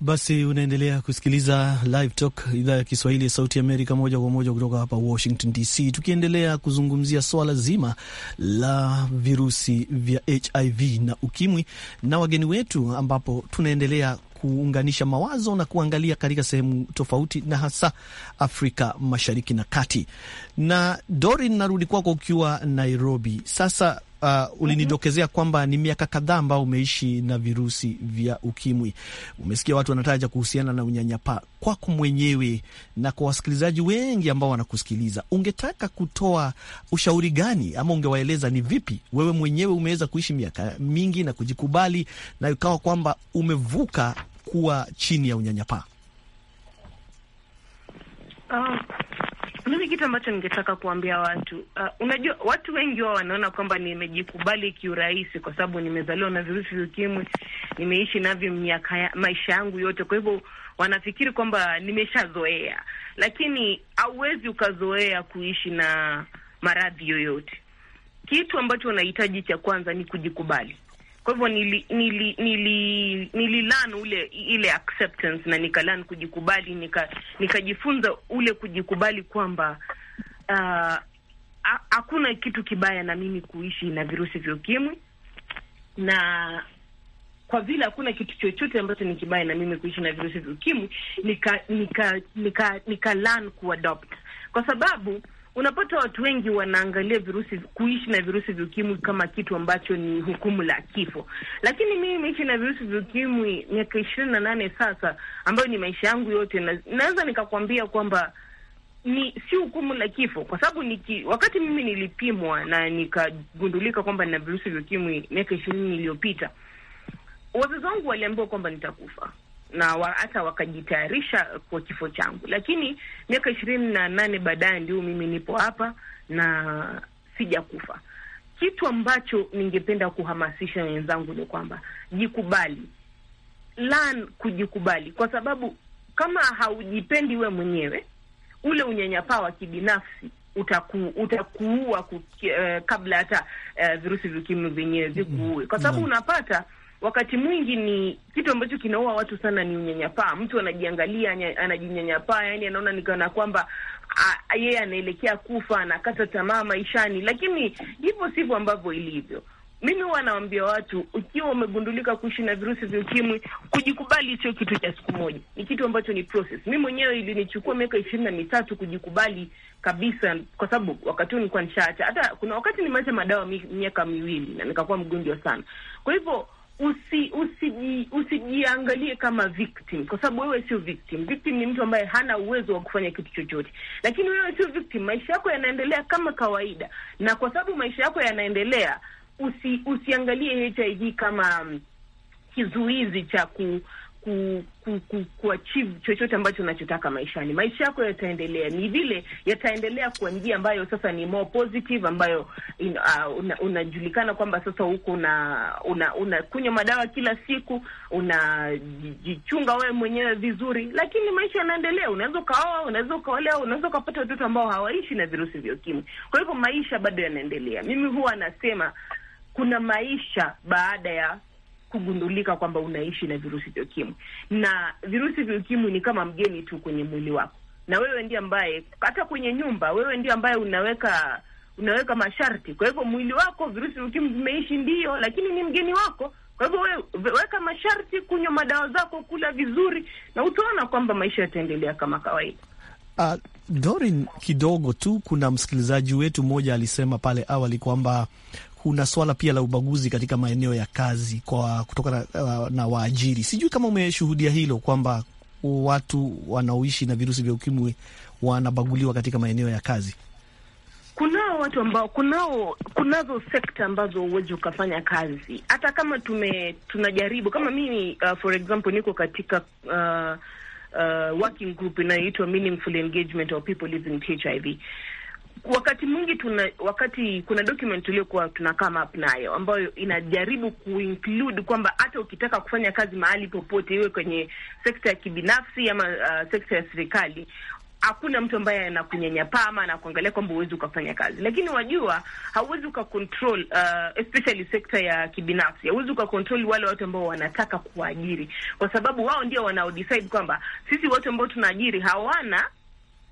Basi unaendelea kusikiliza Live Talk, idhaa ya Kiswahili ya Sauti Amerika, moja kwa moja kutoka hapa Washington DC, tukiendelea kuzungumzia swala zima la virusi vya HIV na ukimwi na wageni wetu, ambapo tunaendelea kuunganisha mawazo na kuangalia katika sehemu tofauti na hasa Afrika Mashariki na Kati. Na Dori, narudi kwako ukiwa Nairobi sasa. Uh, ulinidokezea kwamba ni miaka kadhaa ambao umeishi na virusi vya ukimwi. Umesikia watu wanataja kuhusiana na unyanyapaa. Kwako mwenyewe na kwa wasikilizaji wengi ambao wanakusikiliza, ungetaka kutoa ushauri gani ama ungewaeleza ni vipi wewe mwenyewe umeweza kuishi miaka mingi na kujikubali na ikawa kwamba umevuka kuwa chini ya unyanyapaa? Uh, mimi kitu ambacho ningetaka kuambia watu uh, unajua watu wengi wao wanaona kwamba nimejikubali kiurahisi kwa sababu nimezaliwa na virusi vya ukimwi, nimeishi navyo miaka ya maisha yangu yote, kwa hivyo wanafikiri kwamba nimeshazoea, lakini hauwezi ukazoea kuishi na maradhi yoyote. Kitu ambacho unahitaji cha kwanza ni kujikubali. Kwa hivyo nili, nili, nili, nililan ule ile acceptance na nikalan kujikubali, nika nikajifunza ule kujikubali kwamba uh, hakuna uh, kitu kibaya na mimi kuishi na virusi vya ukimwi, na kwa vile hakuna kitu chochote ambacho ni kibaya na mimi kuishi na virusi vya ukimwi, nika nika nika, nika, nika learn kuadopt kwa sababu unapata watu wengi wanaangalia virusi kuishi na virusi vya ukimwi kama kitu ambacho ni hukumu la kifo, lakini mimi nimeishi na virusi vya ukimwi miaka ishirini na nane sasa, ambayo ni maisha yangu yote, na naweza nikakwambia kwamba ni si hukumu la kifo kwa sababu niki, wakati mimi nilipimwa na nikagundulika kwamba nina virusi vya ukimwi miaka ishirini iliyopita, wazazi wangu waliambiwa kwamba nitakufa na hata wakajitayarisha kwa kifo changu, lakini miaka ishirini na nane baadaye ndio mimi nipo hapa na sijakufa. Kitu ambacho ningependa kuhamasisha wenzangu ni kwamba jikubali, learn kujikubali, kwa sababu kama haujipendi we mwenyewe, ule unyanyapaa wa kibinafsi utaku, utakuua uh, kabla hata uh, virusi vya ukimwi vyenyewe vikuue, kwa sababu mm-hmm. unapata wakati mwingi ni kitu ambacho kinaua watu sana, ni unyanyapaa. Mtu anajiangalia, anajinyanyapaa, yani anaona ni kana kwamba yeye anaelekea kufa, anakata tamaa maishani, lakini hivyo sivyo ambavyo ilivyo. Mimi huwa nawaambia watu, ukiwa umegundulika kuishi na virusi vya ukimwi, kujikubali sio kitu cha siku moja, ni kitu ambacho ni process. Mi mwenyewe ilinichukua miaka ishirini na mitatu kujikubali kabisa, kwa sababu wakati huu nilikuwa nishaacha. Hata kuna wakati nimeacha madawa miaka miwili na nikakuwa mgonjwa sana, kwa hivyo usi- usiji- usijiangalie kama victim, kwa sababu wewe sio victim. Victim ni mtu ambaye hana uwezo wa kufanya kitu chochote, lakini wewe sio victim. Maisha yako yanaendelea kama kawaida, na kwa sababu maisha yako yanaendelea, usi- usiangalie HIV kama um, kizuizi cha ku ku, ku, ku, achieve chochote ambacho unachotaka maishani. Maisha yako yataendelea, ni vile yataendelea kwa njia ambayo sasa ni more positive, ambayo in, uh, una, unajulikana kwamba sasa huko una unakunywa una madawa kila siku, unajichunga wewe mwenyewe vizuri, lakini maisha yanaendelea. Unaweza ukaoa, unaweza ukaolewa, unaweza ukapata watoto ambao hawaishi na virusi vya ukimwi. Kwa hivyo maisha bado yanaendelea. Mimi huwa nasema kuna maisha baada ya kugundulika kwamba unaishi na virusi vya ukimwi, na virusi vya ukimwi ni kama mgeni tu kwenye mwili wako, na wewe ndio ambaye, hata kwenye nyumba, wewe ndio ambaye unaweka unaweka masharti. Kwa hivyo mwili wako, virusi vya ukimwi vimeishi, ndio, lakini ni mgeni wako. Kwa hivyo wewe weka masharti, kunywa madawa zako, kula vizuri, na utaona kwamba maisha yataendelea kama kawaida. Uh, Dorin, kidogo tu, kuna msikilizaji wetu mmoja alisema pale awali kwamba kuna swala pia la ubaguzi katika maeneo ya kazi kwa kutokana na, uh, na waajiri. Sijui kama umeshuhudia hilo kwamba watu wanaoishi na virusi vya ukimwi wanabaguliwa katika maeneo ya kazi. Kunao watu ambao kunao kunazo sekta ambazo huwezi ukafanya kazi hata kama tume tunajaribu kama mimi uh, for example niko katika uh, uh, working group inayoitwa meaningful engagement of people living with HIV wakati mwingi tuna wakati kuna document tuliokuwa tuna come up nayo ambayo inajaribu kuinclude kwamba hata ukitaka kufanya kazi mahali popote, iwe kwenye sekta ya kibinafsi ama uh, sekta ya serikali hakuna mtu ambaye anakunyanyapaa ama anakuangalia kwamba huwezi ukafanya kazi, lakini wajua, hauwezi ukacontrol uh, especially sekta ya kibinafsi, hauwezi ukacontrol wale watu ambao wanataka kuajiri, kwa sababu wao ndio wanaodecide kwamba sisi watu ambao tunaajiri hawana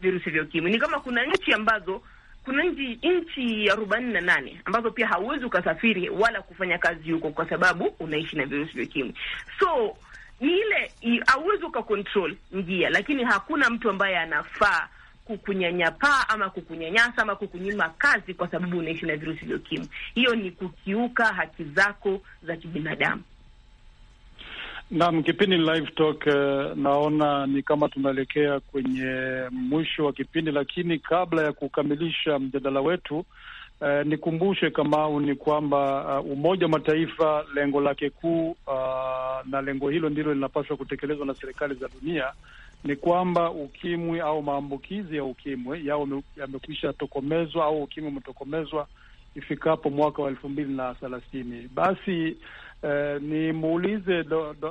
virusi vya ukimwi. Ni kama kuna nchi ambazo kuna nchi nchi arobaini na nane ambazo pia hauwezi ukasafiri wala kufanya kazi huko kwa sababu unaishi na virusi vya ukimwi. So ni ile hauwezi ukakontrol njia, lakini hakuna mtu ambaye anafaa kukunyanyapaa ama kukunyanyasa ama kukunyima kazi kwa sababu unaishi na virusi vya ukimwi. Hiyo ni kukiuka haki zako za kibinadamu. Naam, kipindi Live Talk eh, naona ni kama tunaelekea kwenye mwisho wa kipindi, lakini kabla ya kukamilisha mjadala wetu uh, nikumbushe Kamau ni kwamba uh, Umoja wa Mataifa lengo lake kuu uh, na lengo hilo ndilo linapaswa kutekelezwa na serikali za dunia ni kwamba ukimwi au maambukizi ya ukimwi yao yamekwisha tokomezwa au ukimwi umetokomezwa ifikapo mwaka wa elfu mbili na thelathini basi ni eh, nimuulize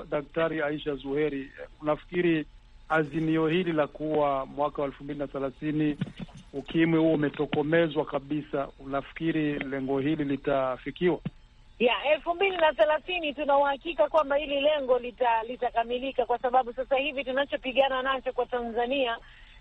Daktari Aisha Zuheri, eh, unafikiri azimio hili la kuwa mwaka wa elfu mbili na thelathini ukimwi huo umetokomezwa kabisa, unafikiri lengo hili litafikiwa? ya elfu mbili na thelathini tuna uhakika kwamba hili lengo litakamilika, lita kwa sababu sasa hivi tunachopigana nacho kwa Tanzania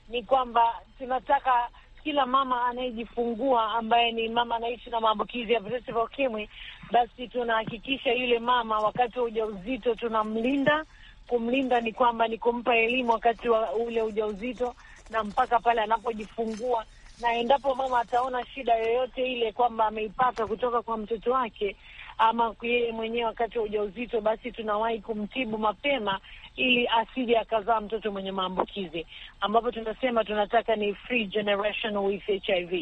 ni kwamba tunataka kila mama anayejifungua ambaye ni mama anaishi na maambukizi ya virusi vya ukimwi basi tunahakikisha yule mama wakati wa ujauzito tunamlinda. Kumlinda ni kwamba ni kumpa elimu wakati wa ule ujauzito na mpaka pale anapojifungua, na endapo mama ataona shida yoyote ile kwamba ameipata kutoka kwa mtoto wake ama yeye mwenyewe wakati wa ujauzito, basi tunawahi kumtibu mapema ili asije akazaa mtoto mwenye maambukizi, ambapo tunasema tunataka ni free generation with HIV.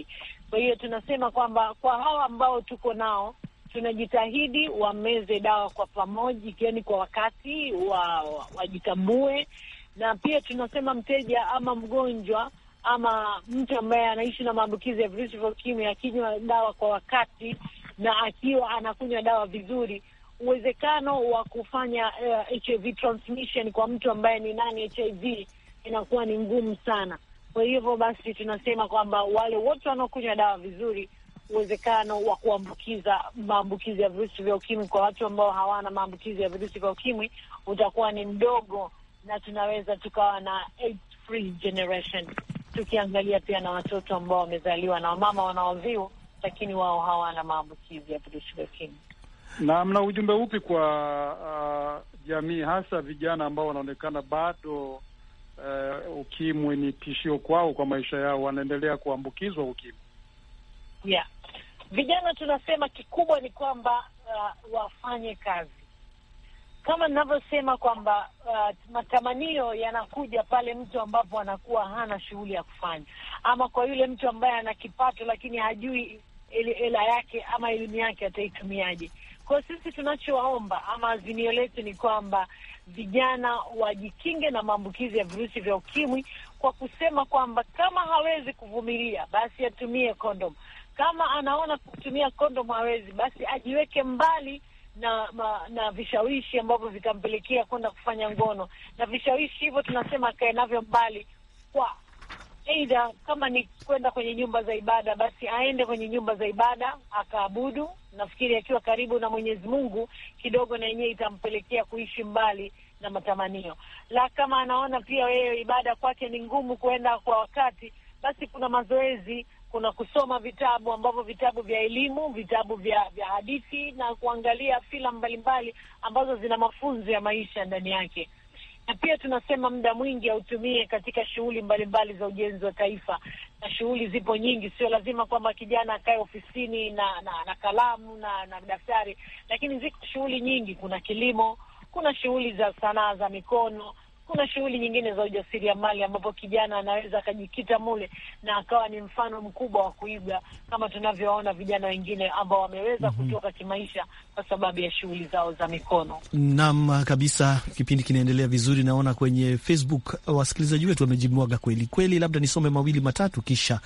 Kwa hiyo tunasema kwamba kwa hawa ambao tuko nao tunajitahidi wameze dawa kwa pamoja, ikiwani kwa wakati wa, wajitambue na pia tunasema mteja ama mgonjwa ama mtu ambaye anaishi na maambukizi ya virusi vya ukimwi akinywa dawa kwa wakati na akiwa anakunywa dawa vizuri, uwezekano wa kufanya uh, eh, HIV transmission kwa mtu ambaye ni nani HIV inakuwa ni ngumu sana. Kwa hivyo basi tunasema kwamba wale wote wanaokunywa dawa vizuri uwezekano wa kuambukiza maambukizi ya virusi vya ukimwi kwa watu ambao hawana maambukizi ya virusi vya ukimwi utakuwa ni mdogo, na tunaweza tukawa na AIDS free generation, tukiangalia pia na watoto ambao wamezaliwa na wamama wanaoviu lakini wao hawana maambukizi ya virusi vya ukimwi. Na mna ujumbe upi kwa uh, jamii hasa vijana ambao wanaonekana bado uh, ukimwi ni tishio kwao kwa maisha yao, wanaendelea kuambukizwa ukimwi? yeah. Vijana tunasema kikubwa ni kwamba uh, wafanye kazi kama ninavyosema kwamba uh, matamanio yanakuja pale mtu ambapo anakuwa hana shughuli ya kufanya, ama kwa yule mtu ambaye ana kipato lakini hajui hela yake ama elimu yake ataitumiaje. Kwa sisi tunachowaomba ama azimio letu ni kwamba vijana wajikinge na maambukizi ya virusi vya ukimwi kwa kusema kwamba kama hawezi kuvumilia basi atumie kondom, kama anaona kutumia kondomu hawezi, basi ajiweke mbali na ma, na vishawishi ambavyo vitampelekea kwenda kufanya ngono, na vishawishi hivyo tunasema akae navyo mbali kwa aidha, kama ni kwenda kwenye nyumba za ibada, basi aende kwenye nyumba za ibada akaabudu. Nafikiri akiwa karibu na Mwenyezi Mungu kidogo, na yenyewe itampelekea kuishi mbali na matamanio. La, kama anaona pia yeye ibada kwake ni ngumu kuenda kwa wakati, basi kuna mazoezi kuna kusoma vitabu ambavyo vitabu vya elimu, vitabu vya vya hadithi na kuangalia filamu mbalimbali ambazo zina mafunzo ya maisha ndani yake. Na pia tunasema muda mwingi autumie katika shughuli mbalimbali za ujenzi wa taifa, na shughuli zipo nyingi. Sio lazima kwamba kijana akae ofisini na, na, na kalamu na, na daftari, lakini ziko shughuli nyingi. Kuna kilimo, kuna shughuli za sanaa za mikono kuna shughuli nyingine za ujasiriamali ambapo kijana anaweza akajikita mule na akawa ni mfano mkubwa wa kuiga, kama tunavyoona vijana wengine ambao wameweza mm -hmm. kutoka kimaisha kwa sababu ya shughuli zao za mikono. Naam kabisa, kipindi kinaendelea vizuri. Naona kwenye Facebook wasikilizaji wetu wamejimwaga kweli kweli, labda nisome mawili matatu kisha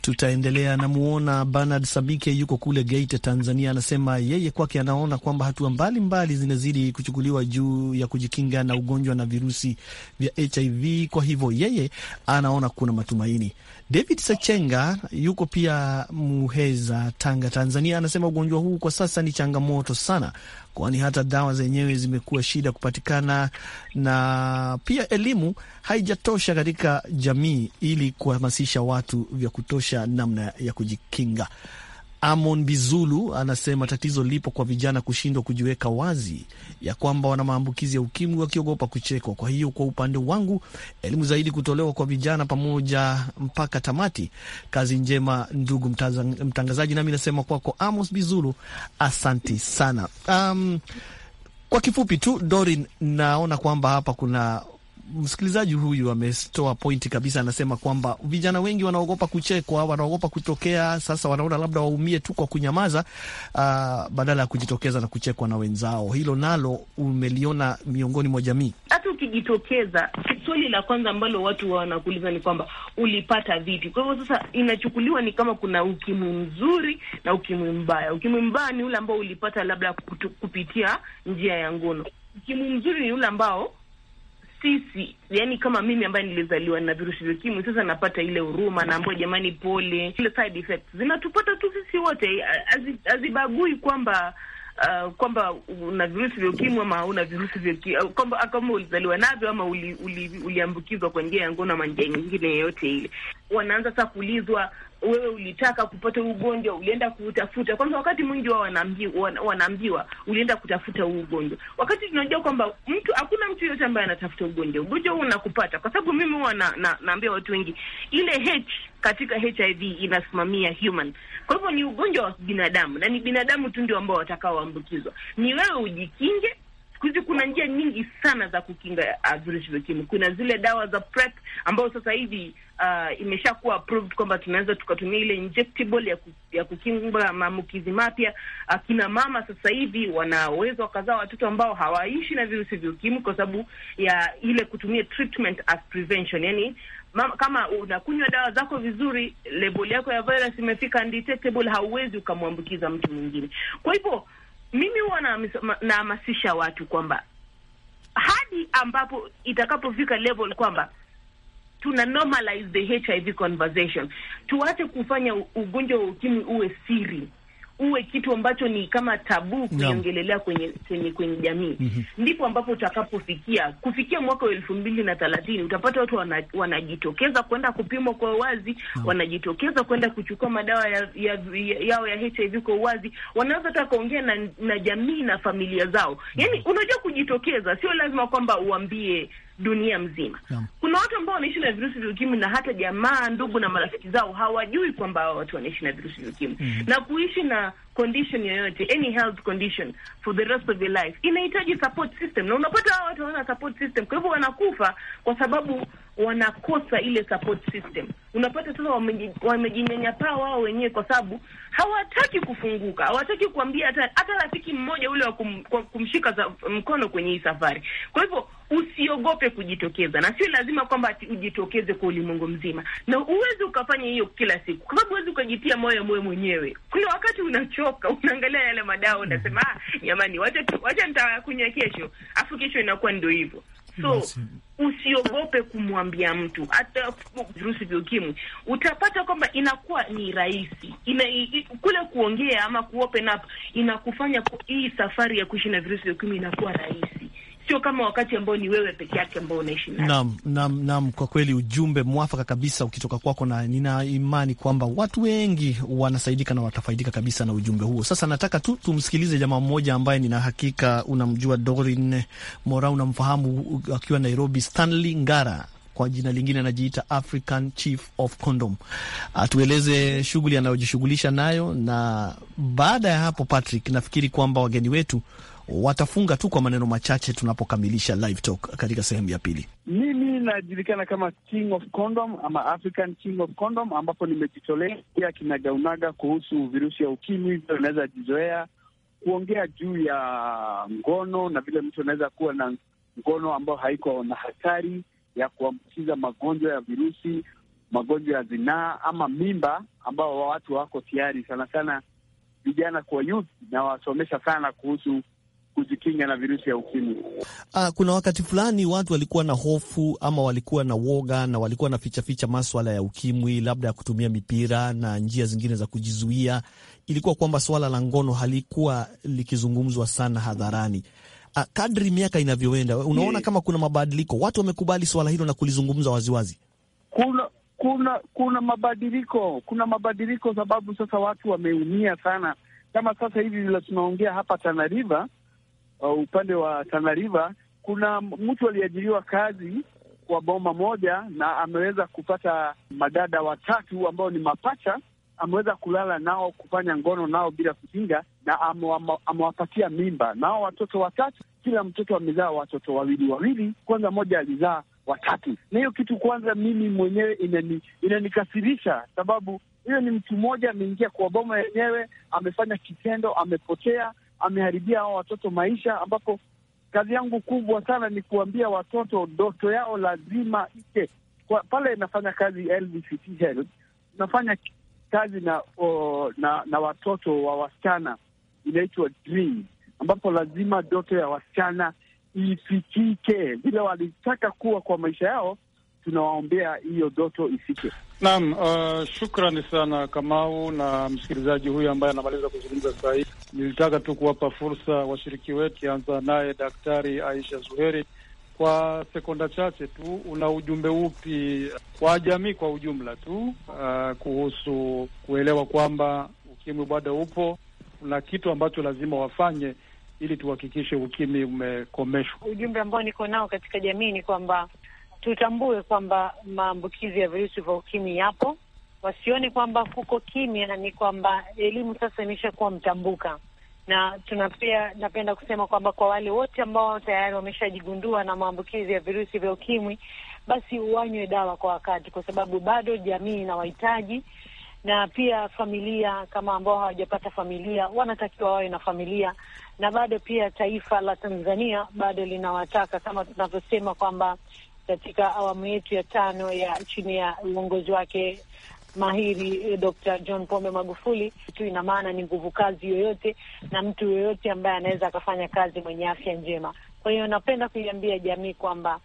tutaendelea. Namuona Bernard Sabike yuko kule Geita, Tanzania, anasema yeye kwake anaona kwamba hatua mbalimbali zinazidi kuchukuliwa juu ya kujikinga na ugonjwa na virusi vya HIV, kwa hivyo yeye anaona kuna matumaini. David Sachenga yuko pia Muheza, Tanga, Tanzania, anasema ugonjwa huu kwa sasa ni changamoto sana, kwani hata dawa zenyewe zimekuwa shida kupatikana na pia elimu haijatosha katika jamii ili kuhamasisha watu vya kutosha namna ya kujikinga. Amon Bizulu anasema tatizo lipo kwa vijana kushindwa kujiweka wazi ya kwamba wana maambukizi ya ukimwi wakiogopa kuchekwa. Kwa hiyo kwa upande wangu, elimu zaidi kutolewa kwa vijana pamoja mpaka tamati. Kazi njema, ndugu mtangazaji, nami nasema kwako kwa Amos Bizulu, asanti sana. Um, kwa kifupi tu Dorin, naona kwamba hapa kuna msikilizaji huyu ametoa pointi kabisa, anasema kwamba vijana wengi wanaogopa kuchekwa, wanaogopa kutokea. Sasa wanaona labda waumie tu kwa kunyamaza, uh, badala ya kujitokeza na kuchekwa na wenzao. Hilo nalo umeliona miongoni mwa jamii. Hata ukijitokeza, swali la kwanza ambalo watu wanakuuliza ni kwamba ulipata vipi? Kwa hivyo sasa inachukuliwa ni kama kuna ukimwi mzuri na ukimwi mbaya. Ukimwi mbaya ni ule ambao ulipata labda kupitia njia ya ngono. Ukimwi mzuri ni ule ambao sisi yani, kama mimi ambaye nilizaliwa na virusi vya ukimwi, sasa napata ile huruma, na ambayo jamani, pole. Ile side effects zinatupata tu sisi wote, hazibagui kwamba Uh, kwamba una virusi vya ukimwi ama una virusi vya ukimwi, uh, kwamba ah, kama ulizaliwa navyo ama uliambukizwa uli, uli kwa njia ya ngono ama njia nyingine yeyote ile. Wanaanza sasa kuulizwa wewe ulitaka kupata ugonjwa, ulienda kutafuta Kwanza wakati mwingi wao wanaambiwa, wanaambiwa ulienda kutafuta huu ugonjwa, wakati tunajua kwamba mtu, hakuna mtu yoyote ambaye anatafuta ugonjwa. Ugonjwa huu unakupata kwa sababu mimi huwa na, na, naambia watu wengi ile H katika HIV inasimamia human, kwa hivyo ni ugonjwa wa binadamu na ni binadamu tu ndio ambao watakaoambukizwa. Ni wewe ujikinge. Siku hizi kuna njia nyingi sana za kukinga uh, virusi vya ukimwi. Kuna zile dawa za PrEP e ambao sasa hivi uh, kuwa approved kwamba tunaweza tukatumia ile injectable ya, ku, ya kukinga maambukizi mapya. Akina mama sasa hivi wanaweza wakazaa watoto ambao hawaishi na virusi vya ukimwi kwa sababu ya ile kutumia treatment as prevention, yani Mama, kama unakunywa dawa zako vizuri, level yako ya virus imefika undetectable, hauwezi ukamwambukiza mtu mwingine. Kwa hivyo mimi huwa nahamasisha watu kwamba hadi ambapo itakapofika level kwamba tuna normalize the HIV conversation. Tuache kufanya ugonjwa wa ukimwi uwe siri uwe kitu ambacho ni kama tabu kuiongelelea kwenye kwenye kwenye jamii mm -hmm. Ndipo ambapo utakapofikia kufikia mwaka wa elfu mbili na thelathini utapata watu wana, wanajitokeza kwenda kupimwa kwa uwazi no. Wanajitokeza kwenda kuchukua madawa yao ya, ya, ya HIV kwa uwazi, wanaweza hata kaongea na, na jamii na familia zao. Yani unajua kujitokeza sio lazima kwamba uambie dunia mzima yeah. Kuna watu ambao wanaishi na virusi vya ukimwi na hata jamaa, ndugu na marafiki zao hawajui kwamba watu wanaishi na virusi vya ukimwi mm -hmm. na kuishi na condition yoyote, any health condition for the rest of your life inahitaji support system, na unapata hao watu hawana support system, kwa hivyo wanakufa kwa sababu wanakosa ile support system. Unapata sasa wamejinyanyapaa wao wenyewe, kwa sababu hawataki kufunguka, hawataki kuambia hata hata rafiki mmoja ule wa kum, kumshika za, mkono kwenye hii safari. Kwa hivyo usiogope kujitokeza, na sio lazima kwamba ujitokeze kwa ulimwengu mzima, na uwezi ukafanya hiyo kila siku, kwa sababu huwezi ukajitia moyo moyo mwenyewe. Kuna wakati unachoka, unaangalia yale madawa, unasema ah, jamani, wacha wacha nitakunywa kesho, afu kesho inakuwa ndio hivyo. So usiogope kumwambia mtu, hata virusi vya ukimwi utapata kwamba inakuwa ni rahisi ina, kule kuongea ama kuopen up inakufanya hii safari ya kuishi na virusi vya ukimwi inakuwa rahisi sio kama wakati ambao ni wewe peke yake ambao unaishi naye. Naam, naam, naam, kwa kweli ujumbe mwafaka kabisa ukitoka kwako, na nina imani kwamba watu wengi wanasaidika na watafaidika kabisa na ujumbe huo. Sasa nataka tu tumsikilize jamaa mmoja ambaye nina hakika unamjua, Dorin Mora, unamfahamu akiwa Nairobi, Stanley Ngara kwa jina lingine anajiita African Chief of Condom. Atueleze ah, shughuli anayojishughulisha nayo, na baada ya hapo, Patrick, nafikiri kwamba wageni wetu watafunga tu kwa maneno machache tunapokamilisha live talk katika sehemu ya pili. Mimi najulikana kama King of Condom ama African King of Condom, ambapo nimejitolea pia kinagaunaga kuhusu virusi ya ukimwi, vile unaweza jizoea kuongea juu ya ngono na vile mtu anaweza kuwa na ngono ambayo haiko na hatari ya kuambukiza magonjwa ya virusi, magonjwa ya zinaa ama mimba, ambao watu wako tayari sana sana vijana kwa youth, na wasomesha sana kuhusu kujikinga na virusi ya ukimwi. Ah, kuna wakati fulani watu walikuwa na hofu ama walikuwa na woga na walikuwa na ficha ficha maswala ya ukimwi, labda ya kutumia mipira na njia zingine za kujizuia. Ilikuwa kwamba swala la ngono halikuwa likizungumzwa sana hadharani. Uh, kadri miaka inavyoenda, unaona yeah, kama kuna mabadiliko, watu wamekubali swala hilo na kulizungumza waziwazi. Kuna kuna kuna mabadiliko, kuna mabadiliko sababu sasa watu wameumia sana. Kama sasa hivi vile tunaongea hapa Tana River uh, upande wa Tana River kuna mtu aliajiriwa kazi kwa boma moja na ameweza kupata madada watatu ambao ni mapacha, ameweza kulala nao kufanya ngono nao bila kupinga, na amewapatia mimba nao watoto watatu. Kila mtoto amezaa watoto wawili wawili, kwanza moja alizaa watatu. Na hiyo kitu kwanza mimi mwenyewe inani, inanikasirisha sababu hiyo ni mtu mmoja ameingia kwa boma yenyewe, amefanya kitendo, amepotea ameharibia hao watoto maisha, ambapo kazi yangu kubwa sana ni kuambia watoto ndoto yao lazima ike kwa, pale nafanya kazi LVCT Health, nafanya kazi na, o, na na watoto wa wasichana inaitwa Dream, ambapo lazima ndoto ya wasichana ifikike vile walitaka kuwa kwa maisha yao. Tunawaombea hiyo ndoto ifike. Naam, uh, shukrani sana Kamau na msikilizaji huyu ambaye anamaliza kuzungumza sasa hivi. Nilitaka tu kuwapa fursa washiriki wetu, kianza naye Daktari Aisha Zuheri, kwa sekonda chache tu, una ujumbe upi kwa jamii kwa ujumla tu uh, kuhusu kuelewa kwamba ukimwi bado upo na kitu ambacho lazima wafanye ili tuhakikishe ukimwi umekomeshwa? Ujumbe ambao niko nao katika jamii ni kwamba tutambue kwamba maambukizi ya virusi vya ukimwi yapo wasione kwamba kuko kimya, ni kwamba elimu sasa imeshakuwa mtambuka, na tunapia, napenda kusema kwamba kwa wale wote ambao tayari wameshajigundua na maambukizi ya virusi vya ukimwi, basi wanywe dawa kwa wakati, kwa sababu bado jamii inawahitaji na pia familia, kama ambao hawajapata familia wanatakiwa wawe na familia, na bado pia taifa la Tanzania bado linawataka kama tunavyosema kwamba katika awamu yetu ya tano ya chini ya uongozi wake mahiri eh, Dr. John Pombe Magufuli tu, ina maana ni nguvu kazi yoyote na mtu yoyote ambaye anaweza akafanya kazi mwenye afya njema. Kwa hiyo napenda kuiambia jamii kwamba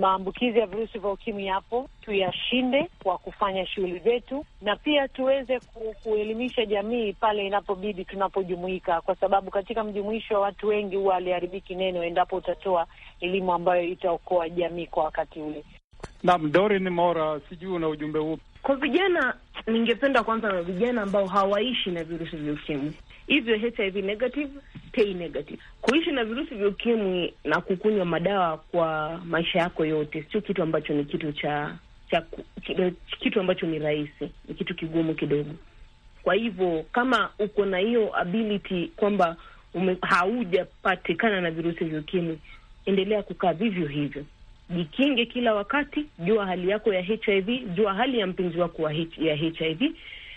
maambukizi ya virusi vya ukimwi yapo, tuyashinde kwa kufanya shughuli zetu, na pia tuweze kuelimisha jamii pale inapobidi, tunapojumuika, kwa sababu katika mjumuisho wa watu wengi huwa aliharibiki neno, endapo utatoa elimu ambayo itaokoa jamii kwa wakati ule. Naam, Dorin Mora, sijui una ujumbe upi? Kwa vijana, ningependa kwanza na vijana ambao hawaishi na virusi vya ukimwi, hivyo HIV negative, TB negative. Kuishi na virusi vya ukimwi na kukunywa madawa kwa maisha yako yote sio kitu ambacho ni kitu cha cha kitu ambacho ni rahisi, ni kitu kigumu kidogo. Kwa hivyo kama uko na hiyo ability kwamba haujapatikana na virusi vya ukimwi, endelea kukaa vivyo hivyo jikinge kila wakati, jua hali yako ya HIV, jua hali ya mpenzi wako ya HIV,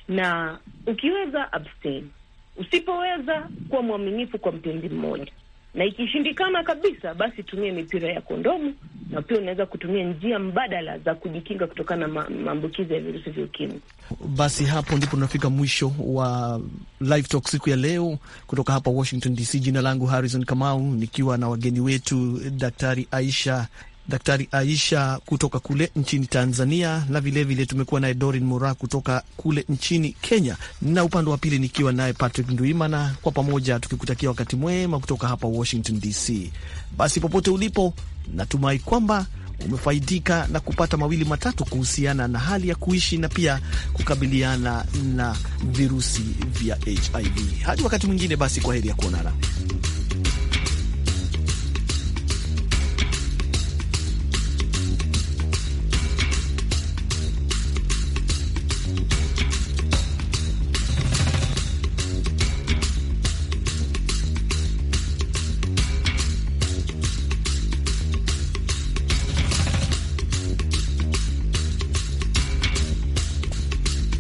na ukiweza abstain. Usipoweza, kuwa mwaminifu kwa mpenzi mmoja, na ikishindikana kabisa, basi tumie mipira ya kondomu, na pia unaweza kutumia njia mbadala za kujikinga kutokana na maambukizi ya virusi vya ukimwi. Basi hapo ndipo tunafika mwisho wa Live Talk siku ya leo, kutoka hapa Washington DC. Jina langu Harrison Kamau, nikiwa na wageni wetu Daktari Aisha Daktari Aisha kutoka kule nchini Tanzania, na vilevile tumekuwa naye Dorin Mura kutoka kule nchini Kenya, na upande wa pili nikiwa naye Patrick Nduimana, kwa pamoja tukikutakia wakati mwema kutoka hapa Washington DC. Basi popote ulipo, natumai kwamba umefaidika na kupata mawili matatu kuhusiana na hali ya kuishi na pia kukabiliana na virusi vya HIV. Hadi wakati mwingine, basi kwa heri ya kuonana.